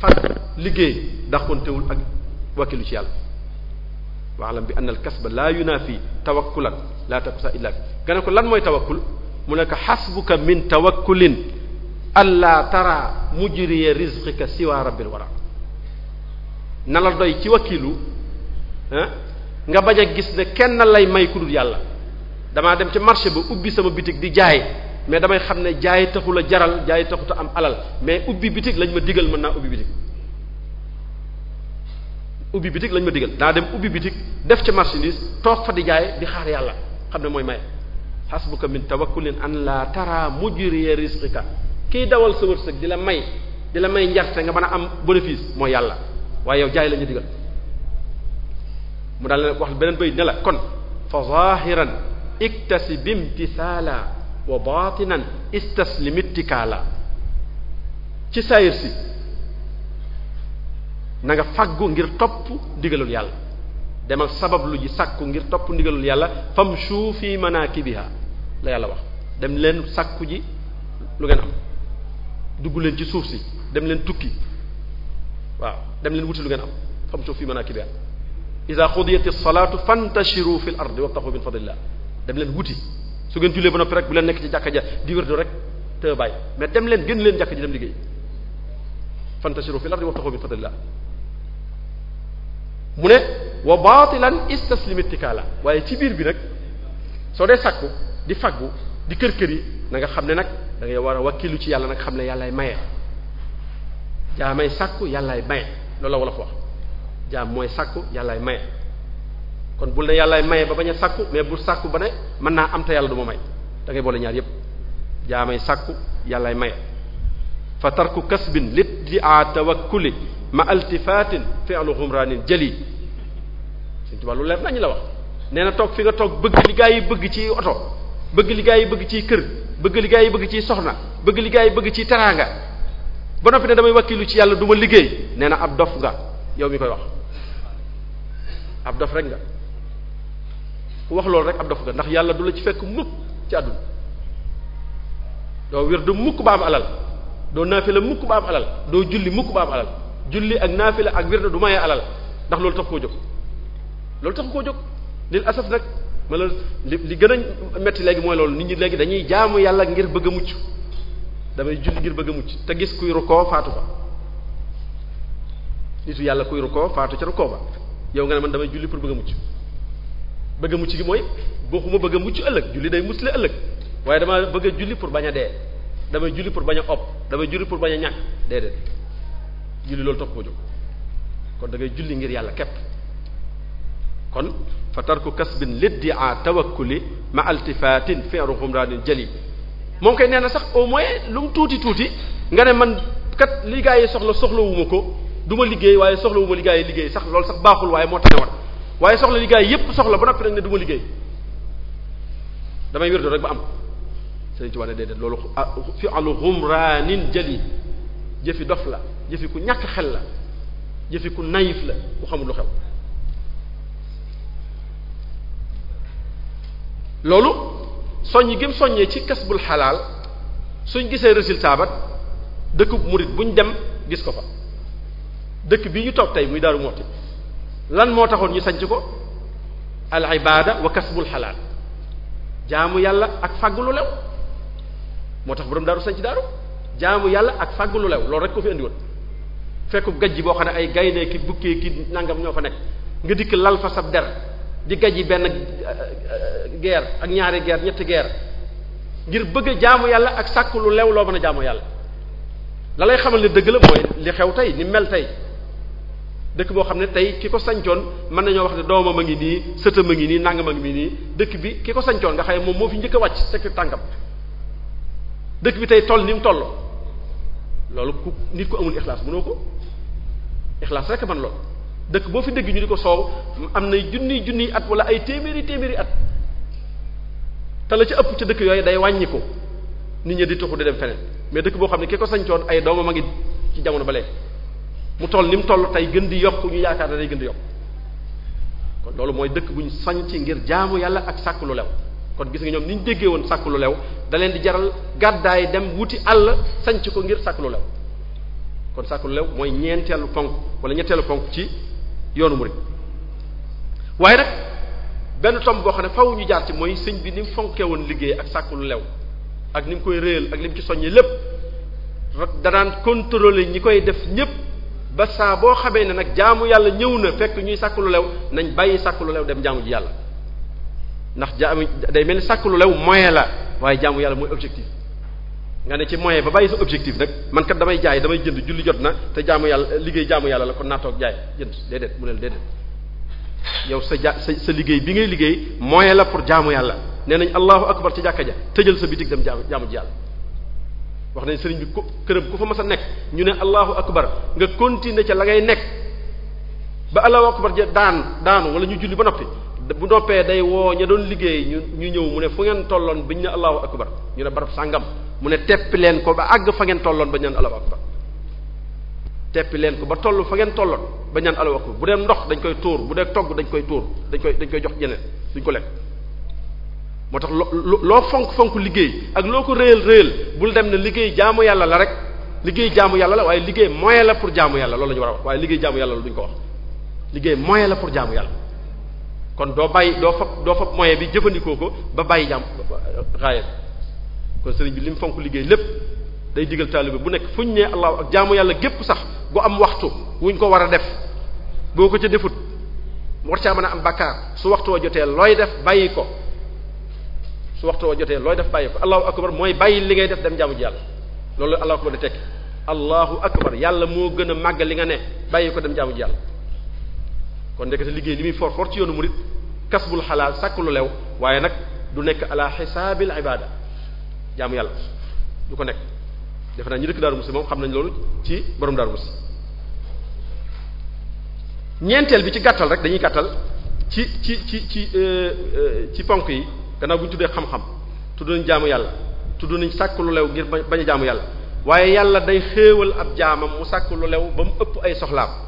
fànn liggéey daxontewul ak wakkilu ci yàlla waalam bi anna al kasba laa yunaafi tawakkulan laa taku sa illa nga ne ko lan mooy tawakkul mu nekk ne ko xasbuka min tawakkulin allaa tara mujriya rizqika siwa rabbil wara na la doy ci wakilu nga bañ a gis ne kenn lay may ku yàlla damaa dem ci marché ba ubbi sama bitig di jaay mais damay xam ne jaay taxul a jaral jaay taxut am alal mais ubbi bitig lañ ma digal mën naa ubbi bitig ubbi bitig lañ ma digal daa dem ubbi bitig def ca marchandise toog fa di jaay di xaar yàlla xam ne mooy maye hasbuka min tawakkulin an la tara mujriya rizqika kiy dawal sa wërsëg di la may di la may njarte nga mën a am bénéfice mooy yàlla waaye yow jaay la ñu digal mu daal wax beneen bayit ne la kon fa zahiran iktasib imtisala wa batinan istaslim ittikaala ci saayir si na nga faggu ngir topp digalul yàlla demal sabab lu ji sàkku ngir topp ndigalul yàlla famshu fi manakibiha la yàlla wax dem leen sàkku ji lu ngeen am dugg leen ci suuf si dem leen tukki waaw dem leen wuti lu ngeen am famshu fi manakibiha ida qudiyati salatu fantashiru fil ardi wabtaxu min fadlillah dem leen wuti su ngeen jullee ba noppi rek bu leen nekk ci jàkka ja di rek te bàyyi mais dem leen gën leen jàkka ji dem liggéey fantashiru fil ardi mu ne wa baatilan istaslim ittikaala waaye ci biir bi nag soo dee sakku di faggu di kër kër yi na nga xam ne nag da war a wakkilu ci yàlla nag xam ne yàllaay maye jaamay sakku yàllaay maye loolu la wolof wax jaam mooy sakku yàllaay maye kon bul ne yàllaay maye ba bañ sàkku mais bul sàkku ba ne mën naa am te yàlla du ma may da ngay boole ñaar yépp jaamay sakku yàllaay maye. fa tarku kasbin liddia tawakkuli ma altifatin fi'lu xumraanin jëli suñ tubaab lu leer nañu la wax nee na toog fi nga toog bëgg li gaa yi bëgg ci oto bëgg li gaa yi bëgg ciy kër bëgg li gaa yi bëgg ciy soxna bëgg li gaa yi bëgg ciy teraanga ba noppi ne damay wakkilu ci yàlla duma liggéey nee na ab dof nga yow mi koy wax ab dof rek nga ku wax loolu rek ab dof nga ndax yàlla du la ci fekk mukk ci àdduna doo wér du mukk ba am alal doo naafila mukk ba am alal doo julli mukk ba am alal julli ak la ak wirda du maye alal ndax loolu tax koo jóg loolu tax koo jóg lil asaf nag ma la li gën a metti léegi mooy loolu nit ñi léegi dañuy jaamu yàlla ngir bëgg a mucc damay julli ngir bëgg a mucc te gis kuy rukkoo faatu fa nitu yàlla kuy rukkoo faatu ca rukkoo ba yow nga ne man damay julli pour bëgg a mucc bëgg a mucc gi mooy ma bëgg a mucc ëllëg julli day musle ëllëg waaye dama bëgg a julli pour bañ a dee damay julli pour bañ a opp damay julli pour bañ a ñàkk déedéet julli loolu tax ko jóg kon da julli ngir yàlla képp kon fa tarku kasbin liddia tawakkuli ma altifatin fi'ru humranin jali moom koy nee na sax au moins lu mu tuuti tuuti nga ne man kat li gaa yi soxla soxlawuma ko du ma liggéey waaye soxla li gaa yi liggéey sax loolu sax baaxul waaye moo tane war waaye soxla li gaa yi yépp soxla ba noppi nag ne du ma liggéey damay wér rek ba am Sëriñ Tuubaa ne déedéet loolu ah, fi alu humraanin jëli jëfi dof la jëfi ku ñàkk xel la jëfi ku naïf la ku xamul lu xew loolu soññ gi mu soññee ci kasbul xalaal suñ gisee résultat ba dëkkub murit buñ dem gis ko fa dëkk bii ñu toog tey muy Daaru Muxti lan moo taxoon ñu sanc ko al ibaada wa kasbul xalaal jaamu yàlla ak fàggu lu lew moo tax borom daaru sanc daaru jaamu yàlla ak fàggu lu lew loolu rek ko fi indi woon fekku gajj boo xam ne ay gaynde ki bukkee ki nangam ñoo fa nekk nga dikk lal fa sab der di gajji benn euh, guerre ak ñaari geer ñetti guerre ngir bëgg a jaamu yàlla ak sàkku lu lew loo mën a jaamu yàlla la lay xamal ne dëgg la mooy li xew tey ni mel tey dëkk boo xam ne tey ki ko sancoon mën nañoo wax ne doomam a ngi nii sëtam a ngi nii nangam a ngi nii dëkk bi ki ko sancoon nga xam ne moom moo fi njëkk a wàcc teg tànkam dëkk bi tey toll ni mu toll loolu ku nit ko amul ixlaas mënoo ko ixlaas rek man loolu dëkk boo fi dégg ñu di ko soow am na junni junniy at wala ay téeméeri téeméeri at te la ci ëpp ca dëkk yooyu day wàññi ko nit ñi di tuxu di dem feneen mais dëkk boo xam ne ki ko sañcoon ay doomam a ngi ci jamono bale mu toll ni mu toll tey gën di yokk ñu yaakaar ne day gën di yokk kon loolu mooy dëkk bu ñu ci ngir jaamu yàlla ak sàkk lu lew kon gis nga ñoom ni ñu déggee woon sàkk lu lew da di jaral gàddaay dem wuti àll sañc ko ngir sàkk lu lew kon sàkk lu lew mooy ñeenteelu ponk wala ñetteelu ponk ci yoonu murid waaye nag benn tomb boo xam ne faw ñu jaar ci mooy sëñ bi ni mu fonkee woon liggéey ak sàkk lu lew ak ni mu koy réyal ak li ci soññee lépp danaan contrôler ñi koy def ñépp ba saa boo xamee ne nag jaamu yàlla ñëw na fekk ñuy sàkk lu lew nañ bàyyi sàkk lu lew dem jaamu yàlla ndax jaamu day mel ni sàkk lu lew moyen la waaye jaamu yàlla mooy objectif nga ne ci moyen ba bàyyi sa objectif nag man kat damay jaay damay jënd julli jot na te jaamu yàlla liggéey jaamu yàlla la kon jaay jënd déedéet mu ne la yow sa ja sa liggéey bi ngay liggéey moyen la pour jaamu yàlla nee nañ allahu akbar ci jàkka ja tëjal sa bitig dem jaamu jaamu ji yàlla wax nañ sëriñ bi ku këram ku fa mas a nekk ñu ne allahu akbar nga continuer ca la ngay nekk ba allahu akbar ja daan daanu wala ñu julli ba noppi bu noppee day woo ña doon liggéey ñu ñu ñëw mu ne fu ngeen tolloon biñ ne ak akbar ñu ne barab sàngam mu ne teppi leen ko ba àgg fa ngeen tolloon ba ñaan allahu akbar teppi leen ko ba toll fa ngeen tolloon ba ñaan allahu akbar bu dee ndox dañ koy tuur bu dee togg dañ koy tuur dañ koy dañ koy jox jeneen duñ ko lekk moo tax loo loo fonk fonk liggéey ak loo ko réyal réyal bul dem ne liggéey jaamu yàlla la rek liggéey jaamu yàlla la waaye liggéey moyen la pour jaamu yàlla loolu la ñu war a wax duñ ko wax moyen la pour jaamu yàlla kon doo bàyyi doo fab doo fab moyen bi jëfandikoo ko ba bàyyi jàmm raaya bi kon sëriñ bi li mu fonk liggéey lépp day digal taalibe bu nekk fu ñu nee allah ak jaamu yàlla gépp sax bu am waxtu wuñ ko war a def boo ko ca defut war caa mën a am bakkaar su waxtu wa jotee looy def bàyyi ko su waxtu wa jotee looy def bàyyi ko allahu akbar mooy bàyyi li ngay def dem jaamu ji yàlla loolu allahu akbar di tekki allahu akbar yàlla moo gën a màgg li nga ne bàyyi ko dem jaamu ji kon ndekete liggéey li muy for for ci yoonu murid kasbul xalaal sàkk lu lew waaye nag du nekk ala xisaabil ibada jaamu yàlla du ko nekk defe naa ñu dëkk Daaru Musi moom xam nañ loolu ci borom Daaru Musi ñeenteel bi ci gàttal rek dañuy gàttal ci ci ci ci euh, euh, ci ponk yi gannaaw bu ñu tuddee xam-xam tudd nañ jaamu yàlla tudd nañ sàkk lu lew ngir bañ a jaamu yàlla waaye yàlla day xéewal ab jaamam mu sàkk lu lew ba mu ëpp ay soxlaam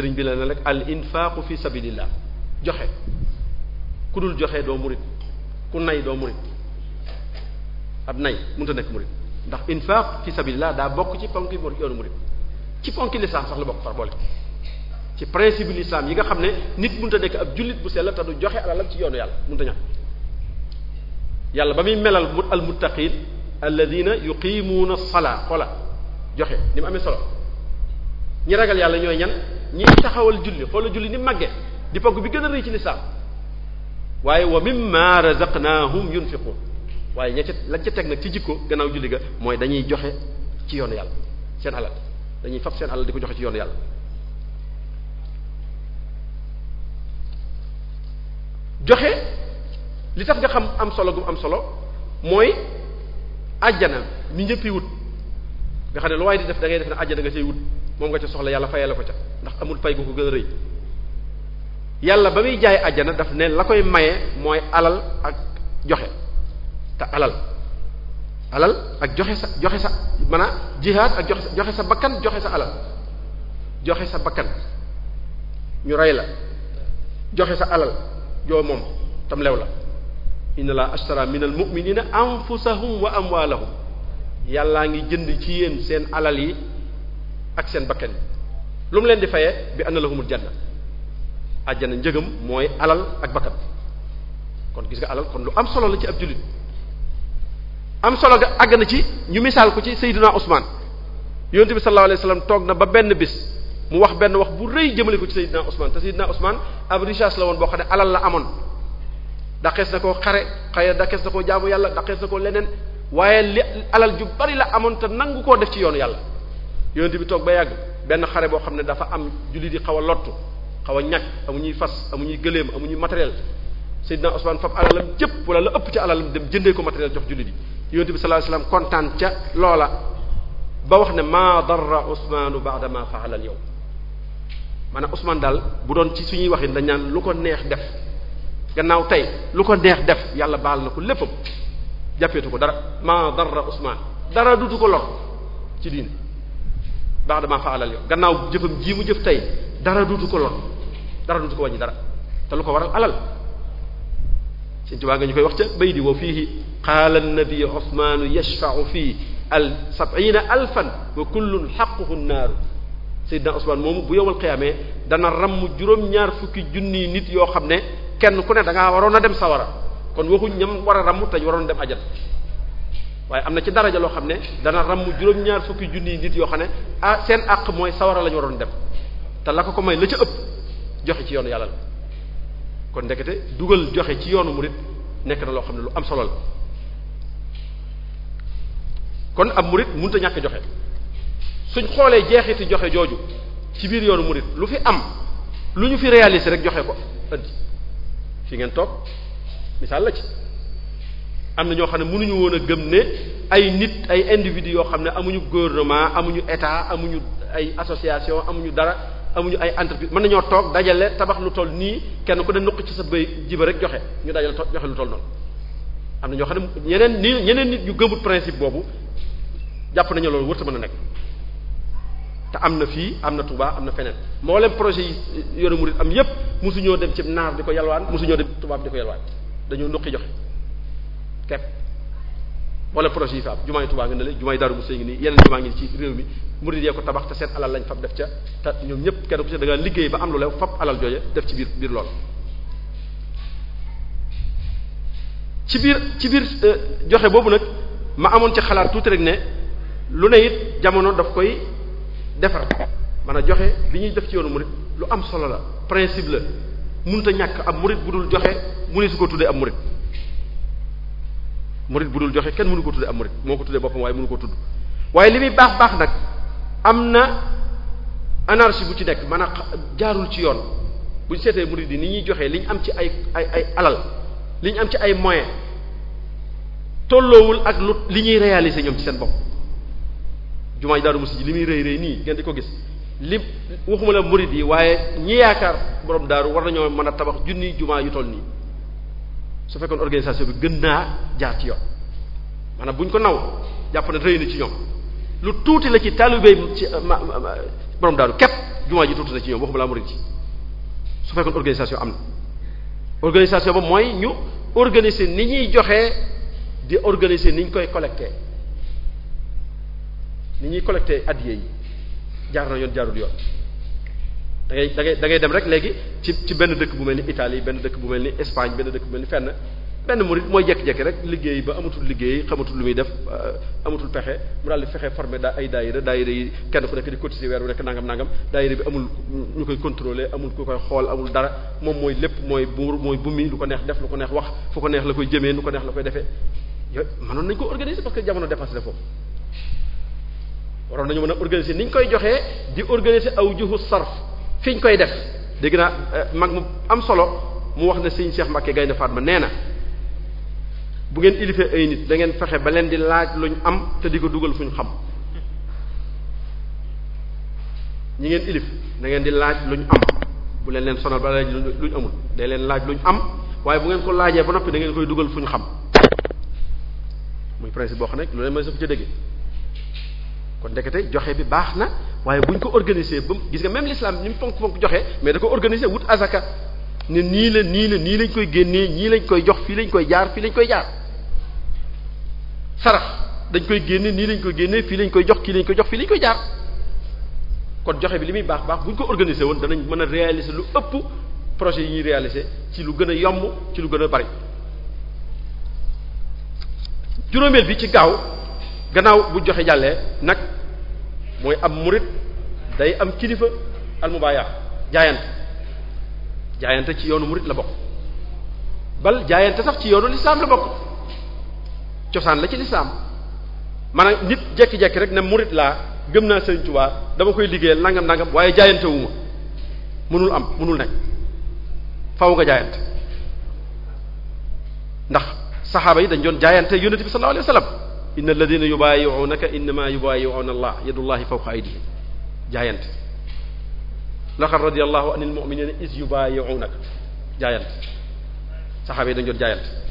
sëriñ bi la ne rek al infaqu fi sabilillah joxe ku dul joxe doo murit ku nay doo murit ab nay mënut a nekk murit ndax infaq fi sabilillah daa bokk ci ponki murit yoonu murit ci ponki lislaam sax la bokk far boole ci principe lislaam yi nga xam ne nit mënut a nekk ab jullit bu sell te du joxe alalam ci yoonu yàlla mënut a ñàkk yàlla ba muy melal al muttaqin alladina yuqimuuna salaa xoola joxe ni mu amee solo ñi ragal yàlla ñooy ñan ñiy taxawal julli xoola julli ni magge di pogg bi gën a rëy ci lislaam waaye wa mimma razaqnahum yunfiqun waaye ña lañ ca teg nag ci jikko gannaaw julli ga mooy dañuy joxe ci yoonu yàlla seen alal dañuy fab seen alal di ko joxe ci yoonu yàlla joxe li tax nga xam am solo gum am solo mooy ajjana mi ñëpp wut nga xam ne lu waaye di def da ngay def ne àjjana nga cay wut moom nga ca soxla yàlla fayale ko ca ndax amul fay gu ko gën a rëy yàlla ba muy jaay àjjana daf ne la koy maye mooy alal ak joxe te alal alal ak joxe sa joxe sa maanaam jihaad ak joxe sa joxe sa bakkan joxe sa alal joxe sa bakkan ñu rey la joxe sa alal joo moom tam lew la inna la ashtara min al mu'minina anfusahum wa amwalahum yàllaa ngi jënd ci yéen seen alal yi ak seen bakkan yi lu mu leen di fayee bi anna lahumul janna àjjana njëgam mooy alal ak bakkan kon gis nga alal kon lu am solo la ci ab jullit am solo ga àgg na ci ñu misaal ko ci Seydina Ousmane yonent bi sallallahu alayhi wasallam toog na ba benn bis mu wax benn wax bu rëy jëmale ko ci Seydina Ousmane te Seydina Ousmane ab richesse la woon boo xam ne alal la amoon daqees na koo xare xëy daqees na koo jaamu yàlla daqees na koo leneen waaye li alal ju bari la amoon te nangu koo def ci yoonu yàlla yonent bi toog ba yàgg benn xare boo xam ne dafa am jullit yi xaw a lottu xaw a ñàkk amuñuy fas amuñuy gëléem amuñuy matériel Seydina Usmaan fab alalam jëpp wala la ëpp ci alalam dem jëndee ko matériel jox jullit yi yonent bi sallallahu alayhi wasallam kontaan ca loola ba wax ne maa darra Usmaanu ba'da maa fa'ala al-yawm maanaam Usmaan daal bu doon ci suñuy waxin dañ naan lu ko neex def gannaaw tey lu ko neex def yàlla baal na ko léppam jàppeetu ko dara maa darra Usmaan dara dutu ko lor baax damaa fa alal yow gannaaw jëfam ji mu jëf tey dara duutu ko lon dara duutu ko wàññi dara te lu ko waral alal sëñ Tuubaa nga ñu koy wax ca bay di wa fii qaala annabi Usmaanu yashfa'u fii al sab'ina alfan wa kullun xaquhu naaru Seydina Usmaan moomu bu yowal xiyaamee dana ramm juróom-ñaar fukki junniy nit yoo xam ne kenn ku ne da ngaa waroon a dem sawara kon waxuñ ñam war a ramm te ñu waroon a dem ajat waaye am na ci daraja loo xam ne dana ramm juróom-ñaar fukki junni nit yoo xam ne a ah, seen àq mooy sawara la ñu waroon dem te la ko ko may la ca ëpp joxe ci yoonu yàlla la kon ndekete dugal joxe ci yoonu murid nekk na loo xam ne lu am solo la kon am murid mënut a ñàkk joxe suñ xoolee jeexiti joxe jooju ci biir yoonu murid lu fi am lu ñu fi réaliser rek joxe ko andi ngeen toog misaal la ci. am na ñoo xam ne mënuñu woon a gëm ne ay nit ay individus yoo xam ne amuñu gouvernement amuñu état amuñu ay association amuñu dara amuñu ay entreprise mën nañoo toog dajale tabax lu toll nii kenn ku ne nuq ci sa bëy jiba rek joxe ñu dajale joxe lu toll noonu am na ñoo xam ne ñeneen ni ñeneen nit ñu gëmut principe boobu jàpp nañu loolu wërta mën a nekk te am na fii am na Touba am na feneen mboolem projet yi yoonu murid am yépp musuñoo dem ci naar di ko yalwaan mosuñoo dem tubaab di ko yalwaan dañoo nuqi joxe tepp wala projet yi fa am jumaay Tuubaa nga ne la jumaay Daaru Muxti ngi nii yeneen jumaa ngi ci réew mi murid yee ko tabax te seen alal lañ fab def ca te ñoom ñëpp kenn ku ci da liggéey ba am lu lew fab alal jooje def ci biir ci biir euh, joxe boobu nag ma amoon ci xalaat tuuti rek ne lu ne it jamono daf koy defar man a joxe li ñuy def ci yoonu murid lu am solo la principe la mënut a ñàkk ab murid bu dul joxe mu ne su ko tuddee ab murid murid bu dul joxe kenn mënu ko tudde am murid moo ko tudde boppam waaye mënu ko tudd waaye li muy baax baax nag am na anarchie bu ci nekk maanaam jaarul ci yoon bu ñu seetee murid yi ni ñuy joxee li ñu am ci ay ay ay alal li ñu am ci ay moyens tolloowul ak lu li ñuy réaliser ñoom ci seen bopp jumaa ji Daaru Muxti ji li muy rëy rëy nii ngeen di ko gis li waxuma la murid yi waaye ñi yaakaar borom daaru war na nañoo mën a tabax junni jumaa yu toll nii su fekkoon organisation bi gën naa jaar ci yoon maanaam bu ñu ko naw jàpp ne rëy ci ñoom lu tuuti la ci taalibe ci borom daaru képp jumaa ji tuuti na ci ñoom waxuma laa murid ci su fekkoon organisation am na organisation ba mooy ñu organiser ni ñuy joxee di organiser ni ñu koy collecté ni ñuy collecté addiya yi jaar na yoon jaarul yoon da ngay da ngay da ngay dem rek léegi ci ci benn dëkk bu mel ni Italie benn dëkk bu mel ni Espagne benn dëkk bu mel ni fenn benn murid mooy jekki-jekki rek liggéey ba amatul liggéey xamatul lu muy def euh, amatul pexe mu daal fexe formé daa ay daayira daayira yi kenn ku nekk di cotiser weer bi nekk nangam nangam daayira bi amul ñu koy contrôler amul ku koy xool amul dara moom mooy lépp mooy buur mooy bumi lu ko neex def lu ko neex wax fu ko neex la koy jëmee lu ko neex la koy defee yooyu mënoon nañu ko organiser parce que jamono dépassé na foofu waroon nañu mën a organiser ni ñu koy joxee di organiser aw juhu sarf fi ñu koy def dégg naa euh, mag mu am solo mu wax ne sëñ Cheikh Mbacke Gaynde Fatma nee na bu ngeen ilifee ay nit dangeen fexe ba leen di laaj luñ am te di ko dugal fuñ xam ñi ngeen ilif da ngeen di laaj luñ am bu leen leen sonal ba laaj luñ amul day leen laaj luñ am waaye bu ngeen ko laajee ba noppi da ngeen koy dugal fuñ xam muy principe boo xam ne lu leen may saf ca dëgg kon ndekete joxe bi baax na waaye buñ ko organiser ba gis nga même l'islam ni mu fonk fonk joxe mais da ko organiser wut azaka ne nii la nii la nii lañ koy génnee nii lañ koy jox fii lañ koy jaar fii lañ koy jaar sarax dañ koy génne nii lañ koy génnee fii lañ koy jox kii lañ koy jox fii lañ koy jaar kon joxe bi li muy baax baax buñ ko organiser woon danañ mën a réaliser lu ëpp projet yi ñuy réaliser ci lu gën a yomb ci lu gën a bari juróomeel bi ci gaaw gannaaw bu joxe jàllee nag mooy am murit day am kilifa almubaaya jaayante jaayante ci yoonu murit la bokk bal jaayante sax ci yoonu lislaam la bokk cosaan la ci lislaam maanaam nit jekki-jekki rek ne murit laa gëm naa Sëriñ Tuubaa dama koy liggéeyal nangam nangam waaye jaayante mënul am mënul nekk faaw nga jaayante ndax saxaaba yi dañ doon jaayante yonent bi sallallahu alayhi wasallam inna alladina yubaayi'unaka innama yubaayi'una allah yadullahi fawqa aydihim jaayante laqad radiyallahu anil mu'minina is yubaayi'unaka jaayante saxaaba yi dañu doon jaayante